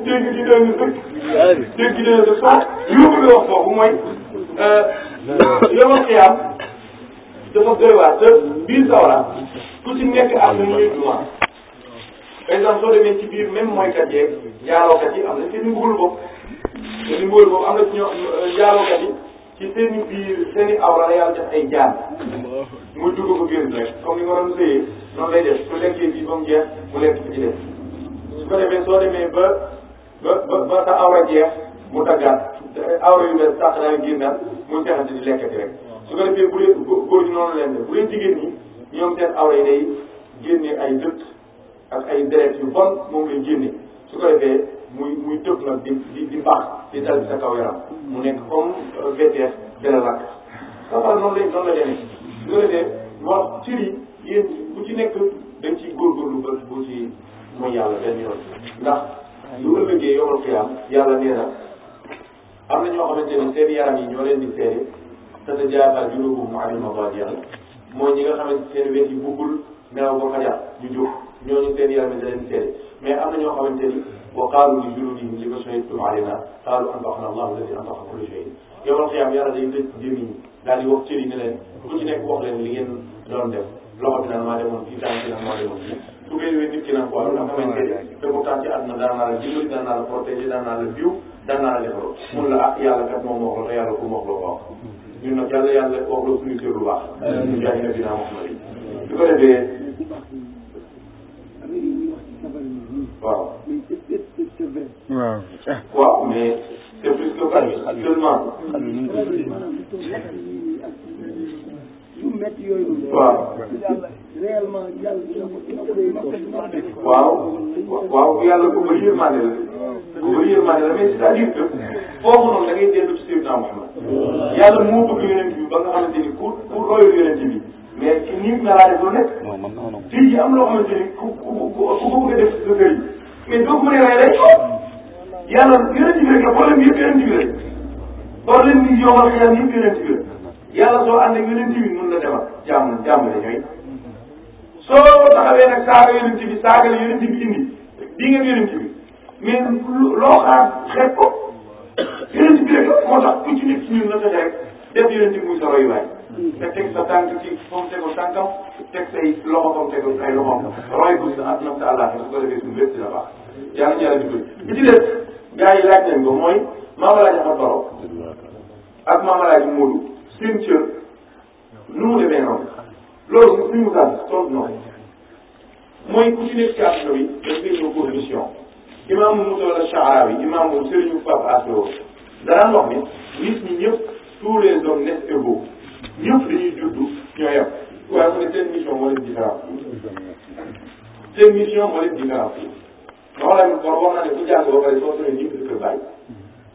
dégg gi doon dégg gi doon dëkk ah li ma bëgg a wax foofu mooy yomal xiyaam dafa doy waar te biir sawara ku ci nekk am na ñuy par exemple soo demee ci biir même mooykat yeeg jaalookat yi am na seen i mbugal bopp seen i mbugal bopp am na ci ñoo euh, ci seen i biir seen i awra ay jaan muy dugg ko génn rek comme ni nga doon sëyee noonu lay def su lekkee bii ba mu mu lekk ci def su ko defee soo ba ba ba sa jeex mu daggaat eh, awra yu bees sax daal génnaat muy fexante di lekkati rek su ko defee bu dee góor ñi noonu leen def bu dee jigéen ñi ñoom seen awra yi day génnee ay dëkk ak ay deret yu bon mu lay génne su ko defee muy muy di di di baax di dal bi sa kaw mu nekk comme euh, VTF dana lakk safara noonu lay noonu la demee su ko defee moo cër yi yéen nekk dañ ciy góorgóorlu ba bu ci mooy yàlla benn yoon ndax lu ëllëgee yomal xiyaam yàlla nee na am na ñoo xamante ne seen yaram yi ñoo leen di te te jaaxal junubuhum anil madaajia mooy ñi nga xamante seen wet yi buggul nelaw ba fajar ñu jóg ñooñu seen yaram da leen seet mais am na ñoo xamante ni wa qaalu li juluudihim lima shahidtum alaynaa qaalu anbaqanaa Allahu allazii anbaqa kulla shay yawmal qiyaama yàlla day tëj gémmiñ daal di wax cër yi ne leen ku ci nekk wax leen li ngeen doon def loxo bi naan maa demoon fii tànk bi naan maa demoon fii su koy wéy nit ki nag waaw nga xamante ni te pourtant ci àdduna daan naa la dimbali daan naa la protéger daan naa la biw daan naa la defaroo mun la ah yàlla kat moom moo ko te yàlla ku moo ko wax ñun nag yàlla yàlla wax la suñu kër lu baax ñun jaay na dinaa wax na li su ko defee waaw. waaw. waaw mais c'est plus que bari actuellement. waaw. waaw. waaw yàlla ku bëri yërmande la. ku bëri yërmande la mais c'est-à-dire que foofu noonu da ngay dellu ci Seydina Muhammad. yàlla moo bëgg yonent bi ba nga xamante ni ku ku royal yonent bi mais ci nii na laa def lu nekk. non man non non. fii ci am loo xamante ni ku ku ku bëgg a def sa bëri. mais doo ko mënee rey rek yàlla yeneen ji rek la problème yëpp yeneen ji rek problème yi yombal xel yëpp yeneen ji rek yàlla soo ànd ak yeneen ji bi mun na demal jàmm jàmm la ñooy soo taxawee nag saaga yeneen ji bi saaga la yeneen ji bi indi di nga yeneen ji bi mais loo xaar xeeb ko yeneen ji bi rek moo tax ku ci nekk ci ñun na fexe rek def yeneen ji muy sa royuwaay te teg sa tànk ci foofu tegul tànkam teg say loxo foofu tegul ay loxoom roy bu sa àdduna sa àllaaxira su ko defee suñu lépp dina baax yàlla ñu yàlla dimbali bi ci des gars yi laaj nañ ko mooy maama laaj Ahmad Baro ak maama laaj Moodu seen cër nu mu demee noonu loolu suñu mukaan toog noonu mooy ku ci nekk ci àdduna bi dafay ñëw pour mission imaamu Mutawalla Sha'rawi imaamu Serigne Pape Asio danaan wax ne nit ñi ñëpp tous les hommes naissent égaux ñëpp dañuy juddu ñoo yem waaye mu ne seen mission moo leen différent mission moo leen différent moo la kon wax na ne bu jàng ba pare soo sonee ñëpp di kër bàyyi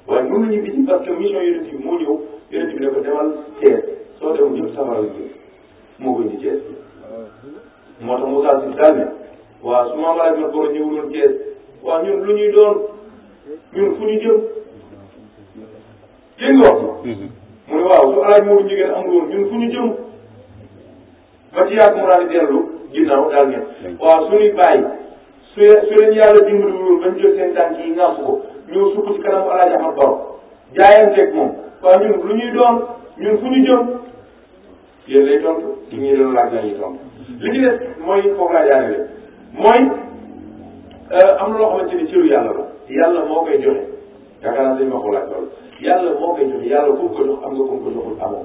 waaye mënu ñu bi parce que ko demal Thiès soo demul ñëpp safara la jëm moo gën di Thiès moo tax Moussa Sy daal ne waaw su ma laaj ma borom ñëwuloon Thiès waaw ñun lu ñuy doon ñun fu ñu jëm dégg mu ne waaw su alaaj mooru jigéen amul woon fu ñu jëm ba ci yàgg mu daal di dellu ginnaaw daal ne waaw suñuy bàyyi su su leen yàlla dimbali woon ba ñu jël seen tànk yi ñaax ko ñëw sukk ci kanamu alaaj Ahmad Baro jaayanteeg moom waaw ñun lu ñuy doon ñun fu ñu jëm yéen lay tontu li ñuy doon laaj la ñuy tontu li ci des mooy foofu laa jaarale mooy euh, am na loo xamante ni ci lu yàlla la moo koy joxe yaakaar naa sëñ bi waxul ak loolu yàlla moo koy joxe yàlla ku ko jox am nga ku ko joxul amoo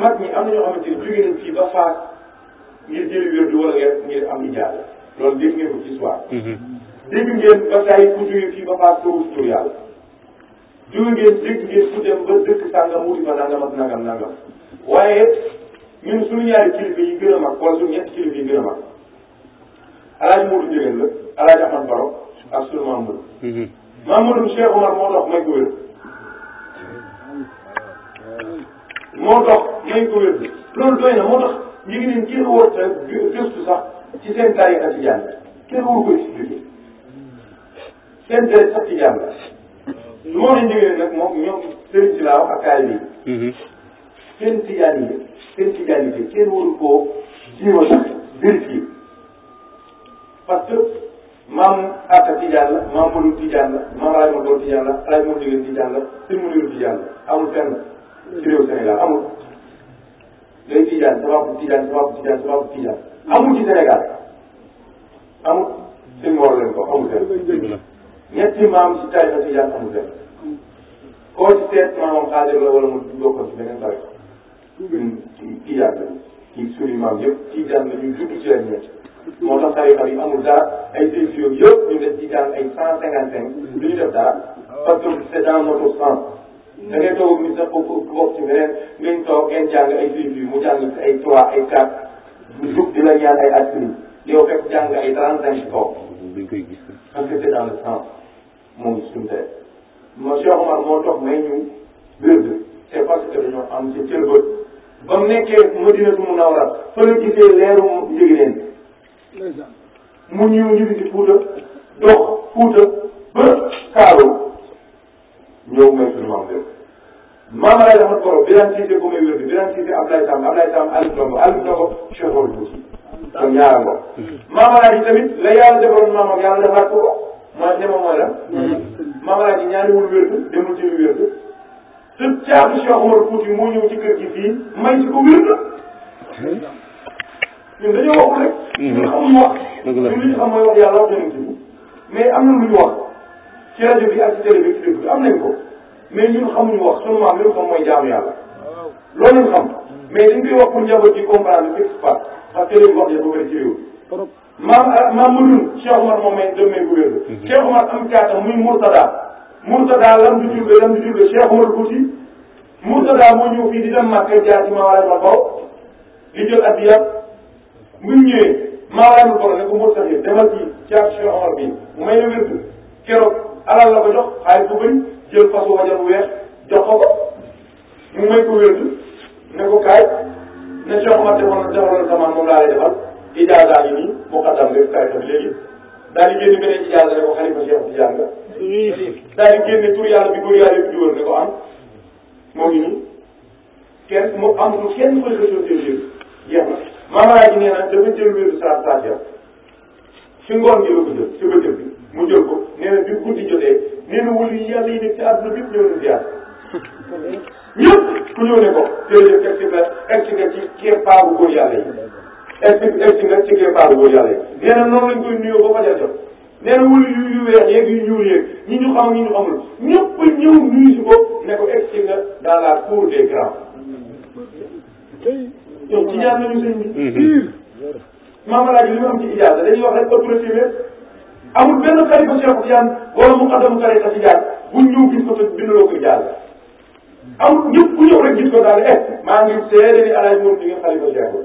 mag ñi am na ñoo xamante ni jóge nañ fii ba faas ngir jëli wér du wala ngeen ngir am ijaasa loolu dégg ngeen ko ci histoire mhm. dégg ngeen ba tay ku jóge fii ba faas tawus tur yàlla jóge ngeen dégg ngeen ku dem ba dëkk sàngam wuti fa nangam ak nangam nangam waaye ñun suñu ñaari kilifa yi gën a mag wala suñu ñetti kilifa yi gën a mag alaaji Modou Ndiéguène la alaaji Ahmad Baro ak suñu maam Mamadou Cheikh Omar moo dox nañ ko wér moo dox nañ ko wér loolu doy na moo tax ñu ngi leen sax ci seen tariqa ci jàng kenn war ko expliqué seen tariqa sax ci jàng moo leen jógee nag moom ñoom sëriñ si laa wax ak taalibe yi mhm. seen tijaan yi seen tijaan yi kenn waru koo jiw maamu Atta Tijaan la maam Modou Tijaan la maam Alaaji Mor Góor Tijaan la Alaaji Mor Jigéen Tijaan la Sëñ Muniru Tijaan la amul fenn ci réew Sénégal amul day Tijaan sababu Tijaan sababu Tijaan sababu Tijaan amul ci Sénégal amul sëñ Mor leen ko amul fenn ñetti maam ci tarixa Tijaan amul fenn koo ci seet maamam xaadir la wala mu bokkoon ci beneen tarixa ñun Tijaan la ñun suñu maam yëpp Tijaan la ñuy judd ci leen ñett moo tax tarixa yi amul ay solution yëpp ñu des ci daan ay cent cinquante cinq du ñu def dara parce que c'est dans notre sens da ngay toog ñu sax bokk ci beneen ngeen toog ngeen jàng ay solution mu jàng ci ay trois ay quatre mu jub di la ñaan ay askan yow fekk jàng ay trente cinq toog parce que c'est dans le sens moom suñu tey monsieur Omar moo toog may ñu wérd c'est parce que dañoo am ci cër bët ba mu nekkee Madinatu Munawwara fa la gisee leeru njëgi neen mu ñëw ñu ngi ci Fuuta dox Fuuta ba Kaaroo ñëw may suñu maam dem maam laay dafa borom beneen siite bu may wér bi beneen siite Ablaye Samb Ablaye Samb Aliou Ndongo Aliou Ndongo Cheikh Oly Boussou kon ñaar ngoog maam laay ji tamit la yàlla defaloon maamam yàlla defaat ko mooy ñema mooy lan maam laay ji ñaari wul wér demul jëmi wér te caatu Cheikh Omar Fouti moo ñëw ci kër gi fii may ci ko wér ñun dañoo waxul rek. Mhm. ñun xamuñu wax. dëgg la li ñu xam mooy wax yàlla wax dëgg mais am na lu ñu wax ci rajo bi ak ci télé bi ci dëkk bi am nañ ko mais ñun xamuñu wax sunu maam li mu xam mooy jaamu yàlla loolu lañ xam mais dañ koy wax pour o yi comprendre fii pas parce que léegi wax dëgg bëri ci réew maam euh, maam Mouroune Cheikh Omar moom may dem may gouverneur. Mhm. Cheikh Omar am kaata muy Murtada Murtada lam du juble lam du juble Cheikh Omar Fouti Murtada moo ñëw fii di dem Màkka jaar ci Mawaale Mbaw di jël bu ñu ñëwee maaraayamul borom ne ko mot sax demal ci ci action xamal bi mu may la alal la ko jox xaalis bu bëri jël fas wajar bu weex jox ko ko mu may ne ko kaay ne Cheikh Omar defoon na defaloon sama moom laa lay defal ijaaza yi nii muqaddam nga kaay tam léegi daal di génn ne ko xalifa Cheikh Tidiane nga daal di génne bi góor yàlla yëpp jiwoon ne ko am moo ngi nii kenn mu amatul kenn koy xëccoo seen yëpp jeex na maman ji nee na dafa saa saa jël si ngoon gi si bëccëg bi mu jël ko nee na bi guddi jotee nee na wëli yàlla yi nekk ci àdduna bépp ñëw na ziar ku ñëw ne ko jërëjëf egg si nga egg si nga ci keppaaru góor yàlla yi egg si egg si nga ci keppaaru góor yàlla yi nee na noonu lañ koy nuyoo ba fajar jot nee na wëli yu yu weex yeeg yu ñuul yeeg ñi ñu xam ñi ñu xamul ñëpp ñëw nuyu si ko ne ko egg yow ijaaza nañu sëñ bi. pire. Mhm. maam El Hadj li mu am ci ijaaza dañuy wax rek ëpp na téeméer amul benn xalifa Cheikh Tidiane wala mu xadamu tariqa Tidiane bu ñëw gis ko te bindaloo ijaaza amul ñëpp ku ñëw rek gis ko daal eh maa ngi seede ni El Hadj moom di ngeen xalifa Cheikh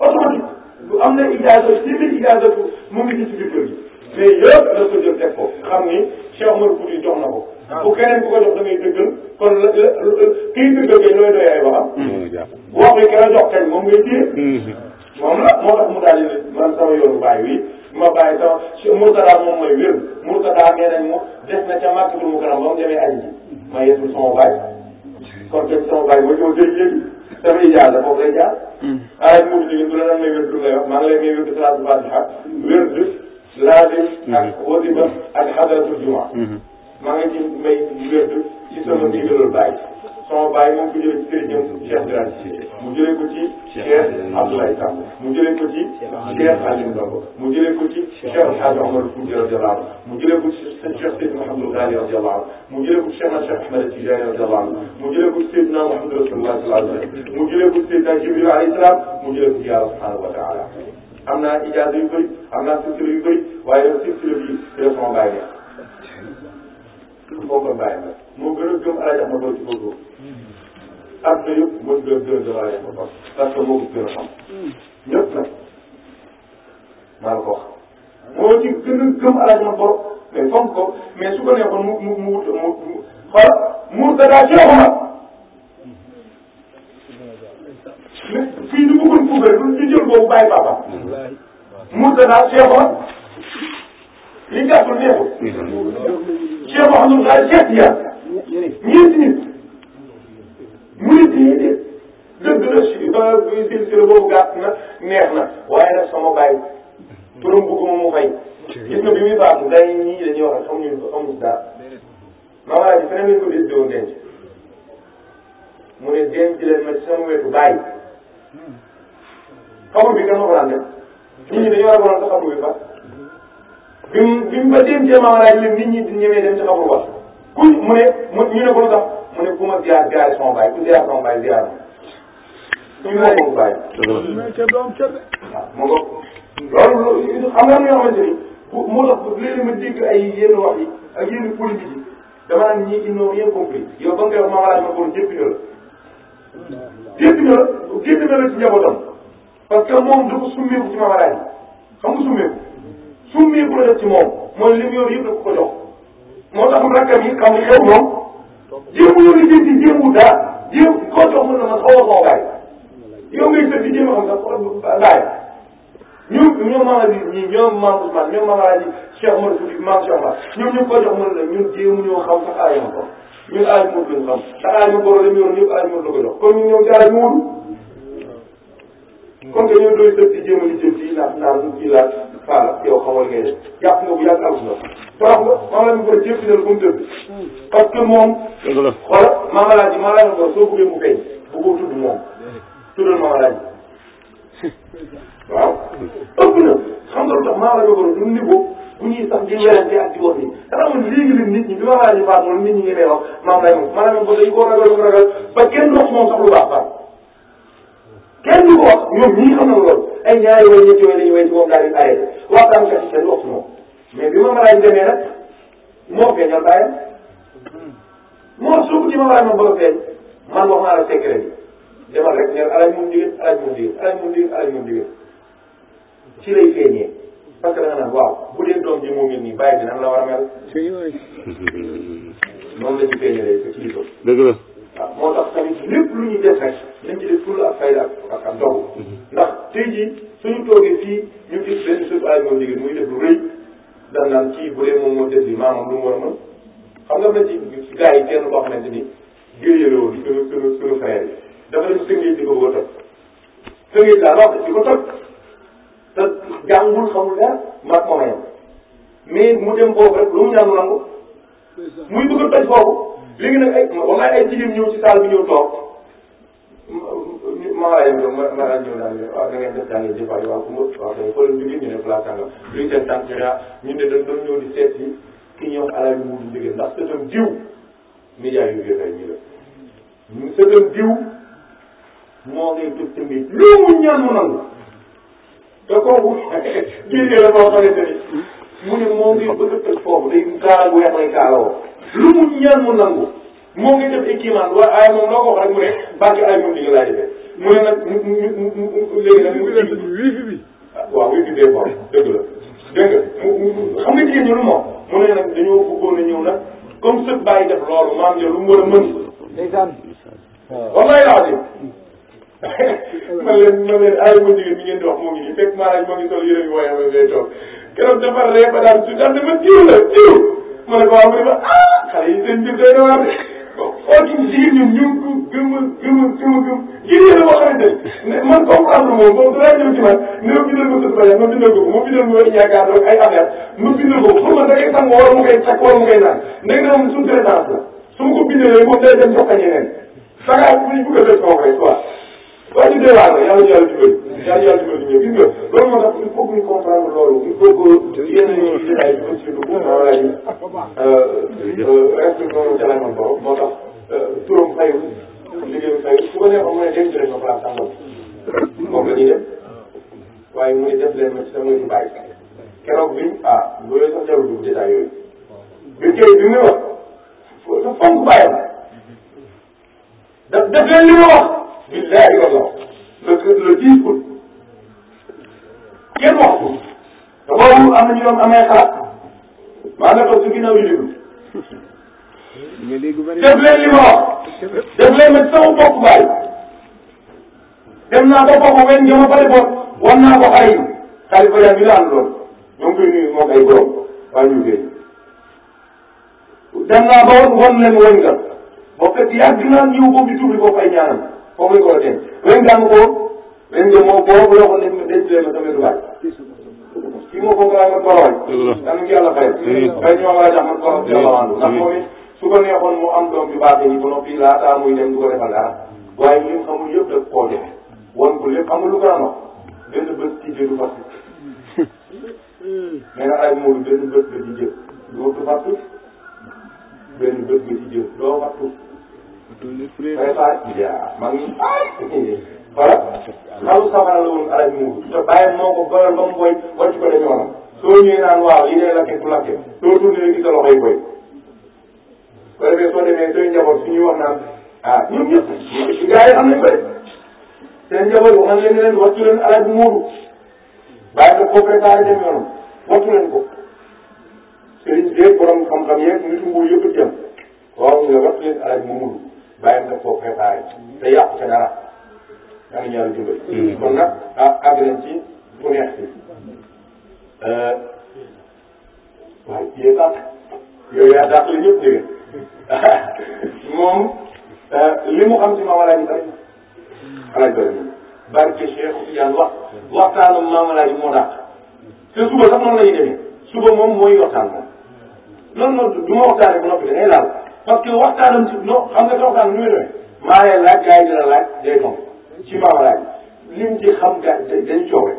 automatique lu am na ijaaza ci biir ijaaza mu ngi ci biir kër gi mais yëpp dafa ko jël teg ko xam ni Cheikh Omar Fouti jox na ko. bu keneen ku ko jox kon la la kii dëggal kay nooy doy ay waxam. Mm-hmm. Mm-hmm. wax bi kenn jox kañ moom ngay téye. Mm-hmm. moom la moo tax mu daal di man sama yoonu bàyyi wi ma bàyyi sama si Murtada moom mooy wér Murtada nee nañ mu des na ca Makkatul Mukarram ba mu demee aji ma yetul sama bàyyi kon kenn sama bàyyi ma ñëw dégg léegi dafay jaar la foofu lay jaar. arrêté mu ngi bu la nan may wér du ngay wax maa ngi lay may wér du salaatul fatiha wér du laazim ak wasiba ak xadaratul juma maa ngi ci mbay wérd ci sama ndigalul baay sama baay moom ko jëlee ci sëriñam Cheikh Birane Cissé mu jëlee ko ci Cheikh Abdoulaye Sam mu jëlee ko ci Cheikh Alim Baba mu jëlee ko ci Cheikh Hadj Omar Fouti radiyallahu anhu mu jëlee ko ci Cheikh Seydou Mouhamadou Ghali radiyallahu anhu mu jëlee ko ci Cheikh Cheikh Ahmed Tidiane radiyallahu anhu mu jëlee ko ci Seydina Mouhamadou Rasulullah sallallahu alayhi wa sallam mu jëlee ko ci Seydina Jibril alayhi salaam mu jëlee ko ci yàlla subhanahu wa taala am naa ijaaza yu bëri am naa silsila yu bëri waaye silsila bi téléphone bàyyi foog nga bàyyi nag moo gën a gëm alaaj ma doon ci góorgóorlu ak na yëpp moo gën a gën a alaaj ma doon parce que moo ko gën a xam ñëpp nag maa la ko wax moo ci gën a gëm alaaj ma doon te fonk ko mais su ko neexoon mu mu mu mu xool mu dadaa jox ma fii du bëggoon fukk rek du jël boobu bàyyi papa mu dadaa jox ma liñ jàppoon neexul. Cheikh Mouhamadou Khari ñetti yàlla ñeenti nit murid yi dëgg la si ba seen si la boobu gàtt na neex na waaye nag sama bàyyi turam bëgg moom mu fay. gis nga bi muy baax gars yi ñii dañuy wax ak amuñu amuñu dara maman ji feneen lañ ko décidé woon denc mu ne denc leen ma ci sama wetu bàyyi xamul bi kan ma ko daan def nit ñi dañoo war a waroon sa xamul bi ba. bi mu bi mu ba dencee maam laaj leen nit ñi di ñemee dem ci xabru ba ku mu ne mu ñu ne ko lu tax mu ne ku ma ziar ziar sama baay ku ziar sama baay ziar ma. ñu ne ko baay. waaw loolu xam nga am na yoo xamante ni moo tax léeg-léeg ma dégg ay yenn wax yi ak yenn politique yi dama naan ñii ils n'ont rien compris yow ba nga koy wax maam laaj ma ko jéppi na la. jéppi na la génn na la ci njabootam parce que moom dafa summeeku ci maam laaj xam nga summeeku. summee ku moom mooy lim yooyu yëpp da ko ko jox moo tax rakkam yi xam li xew moom jéemu yoonu jën ci jéemu daa jéem koo jox na man xaw a koo gaay yow ngay sëb bi jéem a xam sax gaay ñoom ñoom maa ngi ñii ñoom maam Ousmane ñoom maa ngi laaj Cheikh Mor Fouti maam Cheikh ko jox mën la ñun jéemu ñoo xam sax aay ma ko ñun aay mu lañ xam te aay ma borom la ñu yor ñëpp aay mu la ko jox kon ñun ñoom ci aay mu wul kon que ñoom dooy sëb ci jéem a li voilà yow xamoo ngay def yàq nga bu yàgg aluf nga. trop nga maanaam ñu koy jëfandikoo comme dëgg. parce que moom. dëgg la xoolal mamalaaji mamalaaji ko soo bëggee mu feeñ bu ko tudd moom tuddal mamalaaji waaw. ëpp na xam nga lu tax mamalaaji ko du niveau bu ñuy sax di werante ak di wax nii dafa amoon léegi la nit ñi bi mamalaaji faat moom nit ñi ngi may wax mamalaaji moom maanaam ko dañu koo ragal ko ragal ba kenn wax moom sax lu baax baax kenn du ko wax ñoom ñii xam na loolu ay ñaari way ñetti way dañu way si moom daal di arrêté waxtaankat yi kenn wax moom mais bi ma maraay demee nag moo feeñal bàyyam moo suuf ci ma maraay ma bëgg a feeñ man wax naa la secret bi demal rek ñeel alaj moom jigéen alaj moom jigéen alaj moom jigéen alaj moom jigéen ci lay feeñee parce que da nga naan waaw bu dee doom ji moo ngi nii bàyyi bi nan la war a mel noonu la ñu feeñalee sa kilifa dëgg la waaw moo tax tamit lépp lu ñu def rek nañ ci def fulla ak fayda mhm. ndax tey jii suñu toogee fii ñu gis ay moom jigéen muy def lu rëy daan naan kii bu dee moom moo def li maamam lu mu war a mën xam nga am na ci gars yi kenn koo xamante ni géejale woon suñu suñu suñu frère yi dafa dem ko bëgg a toj sëngéej laa wax di ko toj te jàngul xamul dara mag ma mu dem foofu mu ñaan mu nangu muy bëgg a toj foofu mm. léegi nag ay walaay ay jigéen ñëw ci salle bi ñëw ma ma ma ma laaj ñëw daal ne waaw da ngeen def daal di waaw waaw kay xoolal bi ñu ne place sangam luy seen tànk ñu ne dañ doon ñëw di seet si ki ñëw alal yu mu liggéey ndax sëtam diw médias yu gën a ñu la sëtam diw moo koy tëb tamit loo mu ñaan mu nangu te kooku biir la boo xamante ni mu ne moo ngi bëgg a tëj foofu day kaala gu weex lay kaalawoo lu mu ñaan mu nangu. moo ngi def ay kiimaan waaye ay moom loo ko wax rek mu ne barke ay moom li nga laaj defee mu ne nag mu mu léegi nag mu indi wifi ah waaw wifi des fois dëgg la dégg nga xam nga jigéen ñi lu moom mu ne nag dañoo bëggoon a ñëw nag comme sët bàyyi def loolu maam ja lu mu war a mën ndeysaan wallaay laa ji man leen man leen ay ma jigéen bi ngeen di wax moo ngi nii fekk maa moo ngi sol yére bi waaye ma lay toog keroog dafa ree ba daal su daal dafa jiw la jiw ma ne ko waaw mu ne ma ah xale yi seen mbir day na waar foo ci jigéen ñoom ñoo ko gëm a gëm a gëm a gëm jigéen la boo xamante ne man comprendre moom moom danaa ñëw ci man ne ma bindal ko sa ma bindal ko ma bindal ko ñaakaar ak ay affaire ma bindal ko pour man da ngay sàmm wala mu koy takk wala mu koy naan nekk na am sous-traitance la su ma ko bindalee moom day dem jox ko ñeneen sagaar bu ñu bëgg a def koo koy quoi waaye ñu délancé yàlla ñu yàlla jubal yàlla yàlla jubal ñëpp gis nga loolu moo tax il faut que ñu comprendre loolu il faut que yenn yi ñu jëlaat ñu aussi dugg moom laaj respecté noonu jëlaatoon borom moo tax euh, turam fayu liggéeyam fayu su ko neexoon mu ne dem jëlee ma place sàngam moom la ñuy def waaye mu ne def leen ma ci sama ci bàyyi keroog bi ah loolu sax jarul dugg détail yooyu bi kay bi mu ne wax foo fonk bàyyam daf def leen li ma wax billahi wala le le dix août kenn wax ko te boobu am na ñu doon amee xalaat maa nga toog si ginnaaw yi naa ba bokk benn jama bari bot war naa ko xarit xarit Badiane bi la àndoon ñoo ngi koy nuyu ay borom waa naa ba wan wan leen wan nga ba fekk yàgg naa ñëw boobu di tubli ko fay foofu lañ ko war a denc ren jàng ko ren jëm moom boo ko waxoon nañ denc leen tamit waay kii moo ko mën a amal borowaay. dëgg la daanaka yàlla fayal. fay ñoo war a tax man borom yàlla wàllu. ndax moom it su ko neexoon mu am doom yu baax yi ba noppi laataa muy dem du ko defal dara waaye ñun xamul yëpp daf koo def woon ko lépp amul lu ko amal benn bët ci jëdu fas yi. nee na ay mooy benn bët nga ci jël doo ko fas benn bët nga ci jël doo fas maa ngi voilà nalu safara la woon alaj muur te bàyyi moo ko baral ba mu boy wàcc ko def yoonam soo ñëwee naan waaw lii day lakke du lakke soo tourné rek gis sa loxo yi boy ko defee soo demee sooy njaboot suñuy wax naan ah ñun ñëpp gars yi xam nañ ko de seen njaboot waxal leen ne leen wàccu leen alaj muuru bàyyi ko koo préparé dem yoonam wàccu leen ko sëriñ bi borom xam-xam yeeg nitu nguur yëpp jëm waaw nga wàccu leen alaj muuru bàyyi na koo préparé te yàqu ca dara yaa ngi ñaari dimbali. kon nag ah àgg nañ ci bu neex bi euh, waaye yéen sax yooyu yaa dàq li ñëpp dégg moom euh, li mu xam ci maam Alaaji bari Alaaji bari moom barke Cheikh Tidiane wax waxtaanu maam Alaaji moo dàq te suba sax noonu la ñuy demee suba moom mooy waxtaan moom non non du ma waxtaanee ba noppi da ngay laal. parce que waxtaanam ci non xam nga nu muy demee maa lay laaj gars yi dina laaj day toog ci maama laaj lim ci xam gars dañ coowee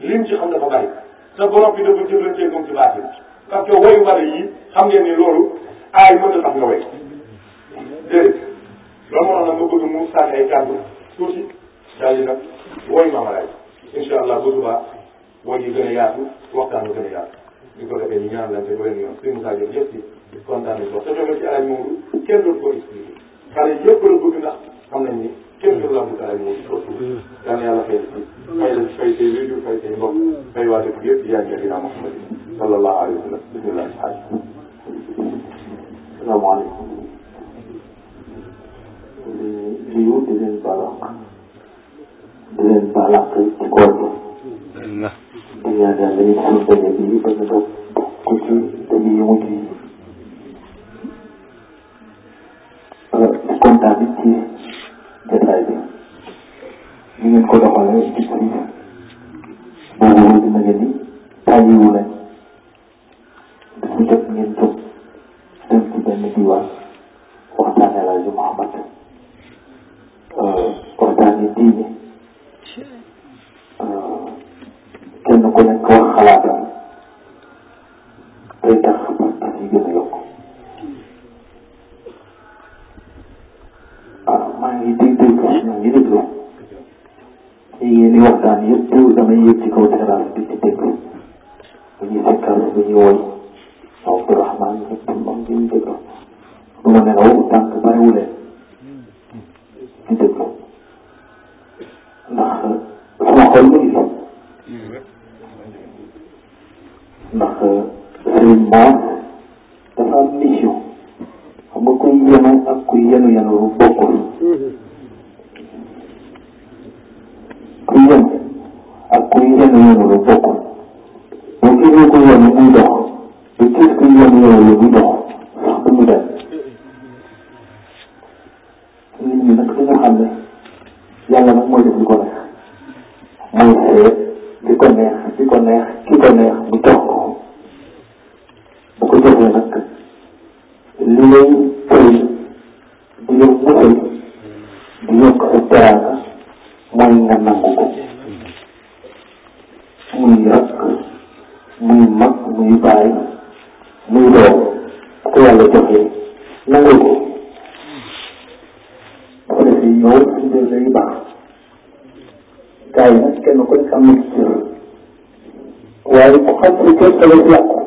lim ci xam dafa bari te borom bi da ko jëflanteeg moom ci baat yi parce que woyu bari yi xam ngeen ni loolu aay mën na tax nga woy déedéet loolu moo tax nag nga bëgg mu sànni ay kàddu tuuti woy maama laaj incha allah bu subaa woy yi gën a yaatu waxtaan bi ko defee ñu ñaan lañ te ba leen si kontaan nañ ko te tamit ci alal moomu kenn doon ko expliqué xale yëpp la bëgg ndax xam nañ ni kenn doon la am alal moomu surtout daan yàlla fay si fay la fay say wéjur fay say mbokk fay waa dëkk yëpp yaa ngi dina Muhammad sallallahu alayhi wa sallam bismillah salaamaaleykum di nuyu di leen balaq di leen balaq ci koor gi di ñaan yàlla ñu suñu daje bi ba ñu toog ci daje yu mujj yi kontaan ci jotaay bi ñu ngeen ko doxalee ci boobu dina ngeen ni tàyyiwu leen bu jot ngeen jóg dem ci benn diwaan waxtaane El Hadji Mouhamad euh, waxtaane diine euh, kenn ku nekk wax xalaatam day tax pas-pas yi gën a yokk maa ngi déglu ñoom ñu déglu ci yéen di waxtaan yëpp damay yëg ci kaw terrasse bi di déglu bu ñuy sekkal bu ñuy woy Abdourahmane ñëpp moom ñu déglu bu ma nelaw tànk bariwu leen di déglu ndax sama xol mu ngi fi ndax sëriñ moom dafa am mission nga koy yenu ak kuy yenu yenu lu bokkul kuy yenu ak kuy yenu yenu lu bokkul mais kii ñu ko yenu muy dox te kii kuy yenu yenu lu muy dox sax ñu dem nit ñi nag dañu xam ne yàlla nag mooy def li ko neex mooy seet li ko neex li ko neex ki ko neex mu jox ko bu ko joxee nag li lay teraanga mooy nga nangu ko muy rakk muy mag muy baay muy doom bu ko yàlla joxee nangul ko bu ko defee yow suñu lay baax gars yi nag kenn koy xam ne ci waaye ku xam ne kenn yàqu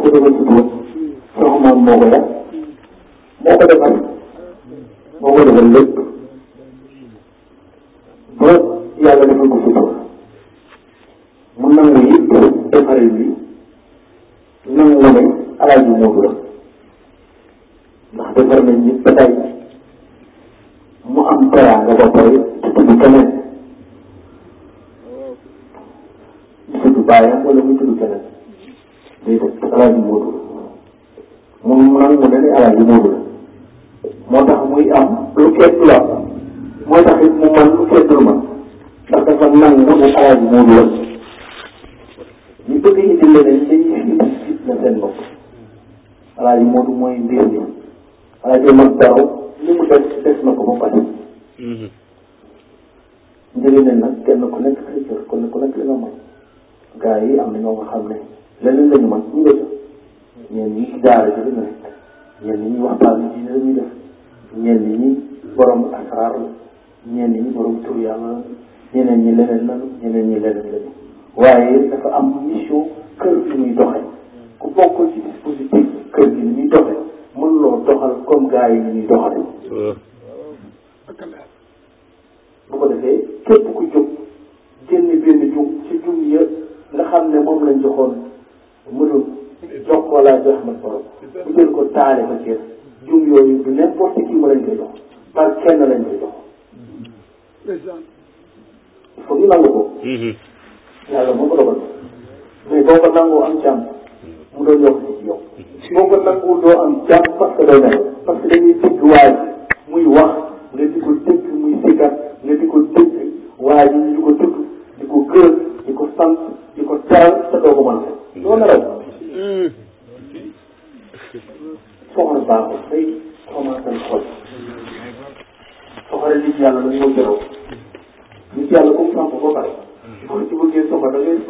ko dugal ci biir soxnaam moo ko def moo ko defal moo ko defal lépp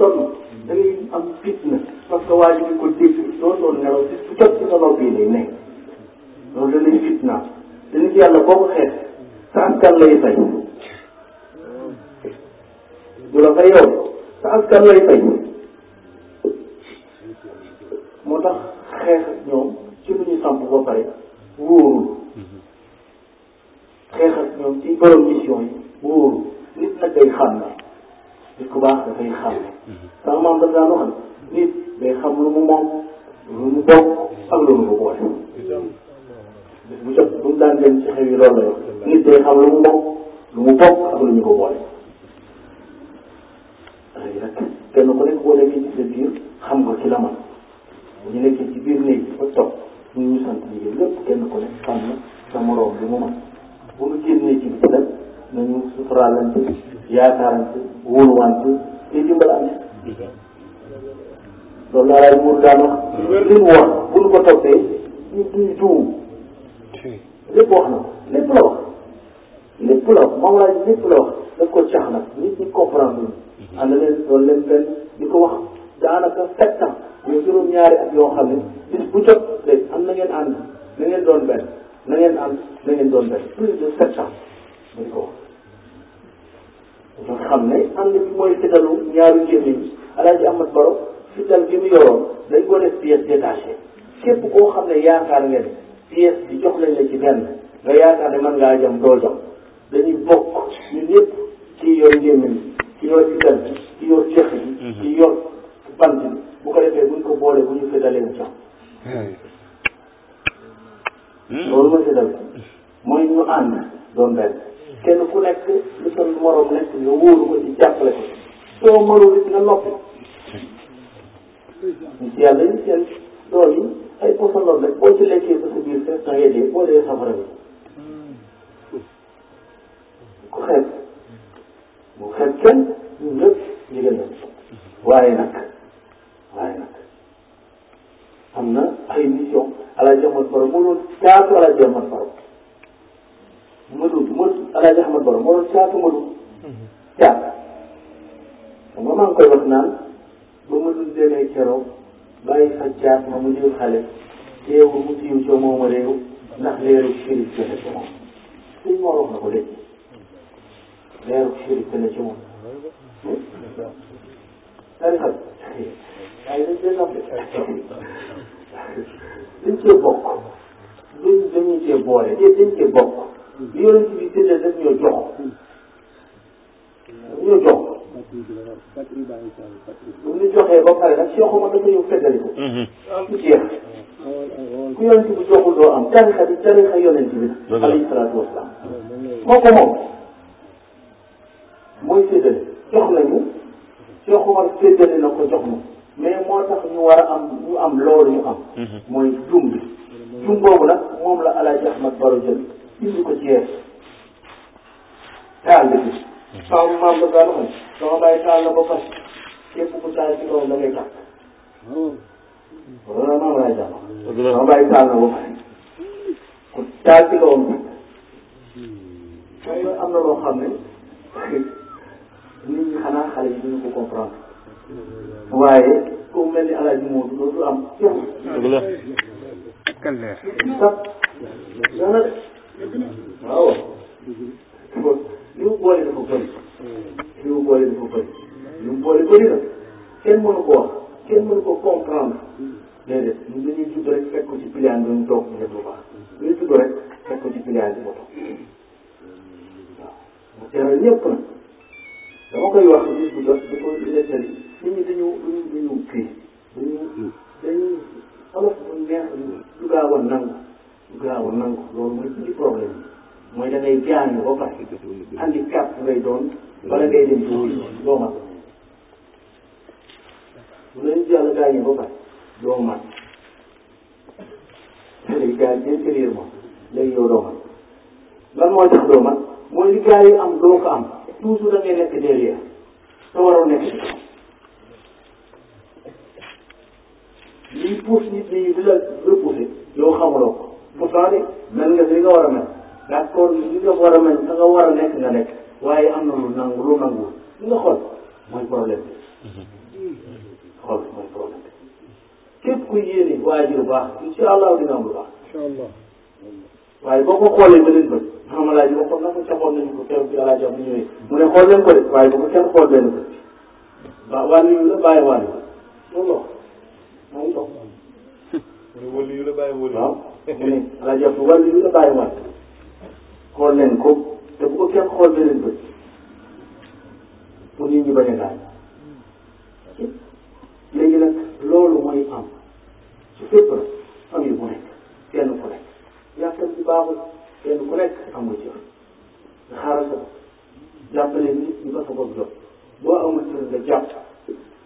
sonn da ngay am fitna parce que waa ji di nelaw si su jot ci nelaw bii lay nekk loolu da lay fitna te nit yàlla boo ko xeet sa askan lay tax xeex ak ñoom ci lu ñu samp ba pare wóorul xeex ak ñoom ci borom mission yi nit nag day xam nit ku baax dafay xam sama maam dafa daan wax ne nit day xam lu mu moom lu mu bokk ak lu mu ko boole bu jot bu mu daan dem ci xew yi xam lu mu moom lu mu bokk ak lu ñu ko boole léegi nag kenn ku nekk boo nekkee xam nga ci la man bu ñu nekkee ci biir néeg ba toog ñu ñu sant liggéey lépp kenn ku nekk xam na sa moroom lu mu man bu ñu nañu suturaalante yaakaarante wóoluwante te dimbalante loolu laa laay muur daan wax li mu wax bu ñu ko toppee ñu duñ juum wax na lépp la wax lépp la wax Maodo laaj lépp la wax daf ko cax nag nit ñi comprendre ñu ànd leen doon leen benn di ko wax daanaka sept ans mais juróom-ñaari at yoo xam ne bis bu jot de am na ngeen ànd na ngeen doon benn na ngeen ànd na ngeen doon benn plus ko wax nga xam ne ànd bi mooy fitalu ñaari gémmiñ yi Alaaji Ahmad Baro fital gi mu yoroon dañ ko def pièce détachée képp koo xam ne yaakaar ngeen pièce bi jox lañ la ci benn nga yaakaar ne mën ngaa jam doo jam dañuy bokk ñu ñëpp kii yor gémmiñ kii yor fital bi kii yor cex bi kii mhm. yor bant bi bu ko defee buñ ko boole bu ñu fitalee mu jox hmm. loolu mooy fital bi mooy ñu ànd doon benn kenn ku nekk lu sa morom nekk nga wóoru ko ci jàppale ko soo mënul it nga noppi yàlla yi seen dool yi ay posandoor rek boo ci lekkee ba sa biir fees na ngay dee boo dee safara bi ku xeeb bu xeeb kenn ñun ñëpp ñu gën a waaye nag waaye nag am na ay mission ala jamal faro mënoon caatu ala jamal faro Alaaji Axmad Borom moo doon caatu Modou caat xam nga maa ngi koy wax naan ba Modou demee keroog bàyyi fa caat ma mu jël xale teewu mu tiim ca moom réew ndax leeru shérif gën a ci moom suñ moo wax na ko de leeru shérif gën a ci moom daal di xam waaye dañ cee nopp dañ cee bokk dañ dañu cee boole dañ cee bokk li yonent bi séddale daf ñoo jox daf ñoo jox bu ñu joxee ba pare nag Cheikh Omar dafa ñëw feddali ko du jeex ku yonent bi joxul doo am tarixa bi tarixa yonent bi alayhi salaatu wasalaam moo ko moom mooy séddale jox nañu Cheikh Omar séddale na ko jox na mais moo tax ñu war a am ñu am loolu ñu am mooy jum bi jum boobu nag moom la Alaaji Ahmad Baro jël indi ko ci yéen taal bi bi sama maam la daal man sama bàyyi taal la ba fas képp ku taal ci kawam da ngay tàkk wala maam laay jàpp sama bàyyi taal la ba pare ku taal ci kawam tàkk xam nga am na loo xam ne nit ñi xanaa xale yi duñu ko comprendre waaye ku mel ni alaaji Moodu dootul am dëgg la dana waaw li mu boole dafa bëri li mu boole dafa bëri li mu boole bëri na kenn mënu ko wax kenn mënu ko comprendre déedéet ñun dañuy judd rek fekk ko ci pliant bi mu toog ñu def lu baax dañuy judd rek fekk ko ci pliant bi mu toog waaw mu teral ñëpp nag dama koy wax bis bu jot di ko nettali nit ñi dañu dañu dañu kii dañu dañu olof bu neex du gaaw a nangu gaaw nangu loolu mooy ci problème bi mooy da ngay gaañu ba pare handicap ngay doon bala ngay dem ci wóolu doo mat bu la yàlla gaañee ba pare doo mat da ngay gaañ intérieurement léegi yow doo mat lan moo tax doo mat mooy li gars yi am doo ko am toujours da ngay nekk derrière te waroo nekk lii pousse nit ñi di la repousser yow xamuloo ko Moussa mel nga li nga war a mel d'accord li nga war a mel da nga war a nekk nga nekk waaye am na lu nangu lu nangu li nga xool mooy problème bi xool mooy problème bi képp ku yéene waajur baax incha allah dina am lu baax. incha allah waaye boo ko xoolee beneen bët maanaam laaj bi ko naka caxoon nañu ko keroog bi El Hadj Abdou ñëwee mu ne xool leen ko de waaye bu ko kenn xool benn bët ba wàllu yu la bàyyi wàllu moom la moom la. mu ne wàllu yu la bàyyi wàllu. waaw. mu ne rajo bi wàllu li nga bàyyiwaat ko te bu ko kenn xool beneen bët pour nit ñi loolu mooy am su fépp la famille bu nekk kenn ku nekk yàqal ci baaxul kenn ku nekk sa bopp jàppale nit ñi ba sa bopp jot boo amul jëf nga jàpp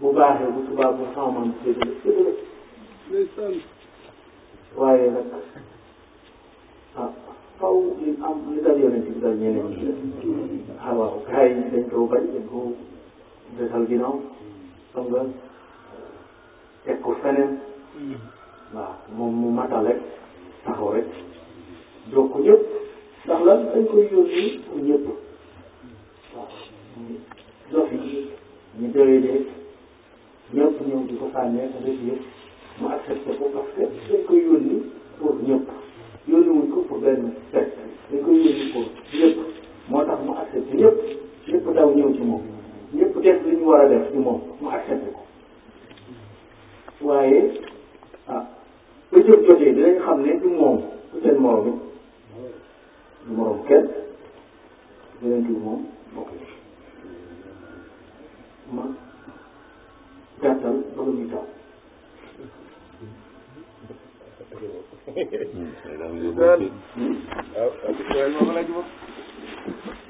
bu baaxee waaye nag ah li am li daal yonent bi daal ñeneen ñi la ah waaw gars yi dañ koo bañ dañ koo desal ko feneen waaw moom mu matal rek taxaw rek jox ko ñëpp ndax lan dañ koy yónni pour ñëpp waaw dof yi ñu ko sànnee sa def mu accepté ko parce que dañ koy yónni pour ñëpp yónni wuñ ko pour benn secte dañ koy yónni pour ñëpp moo tax mu accepté ñëpp ñëpp daw ñëw ci moom ñëpp def li ñu war a def ci moom mu accepté ko waaye ah ba jot jotee dinañ xam ne du moom du seen morom it du morom kenn dinañ kii moom bokk ma gàttal ba nga ñuy taw waaw hmm,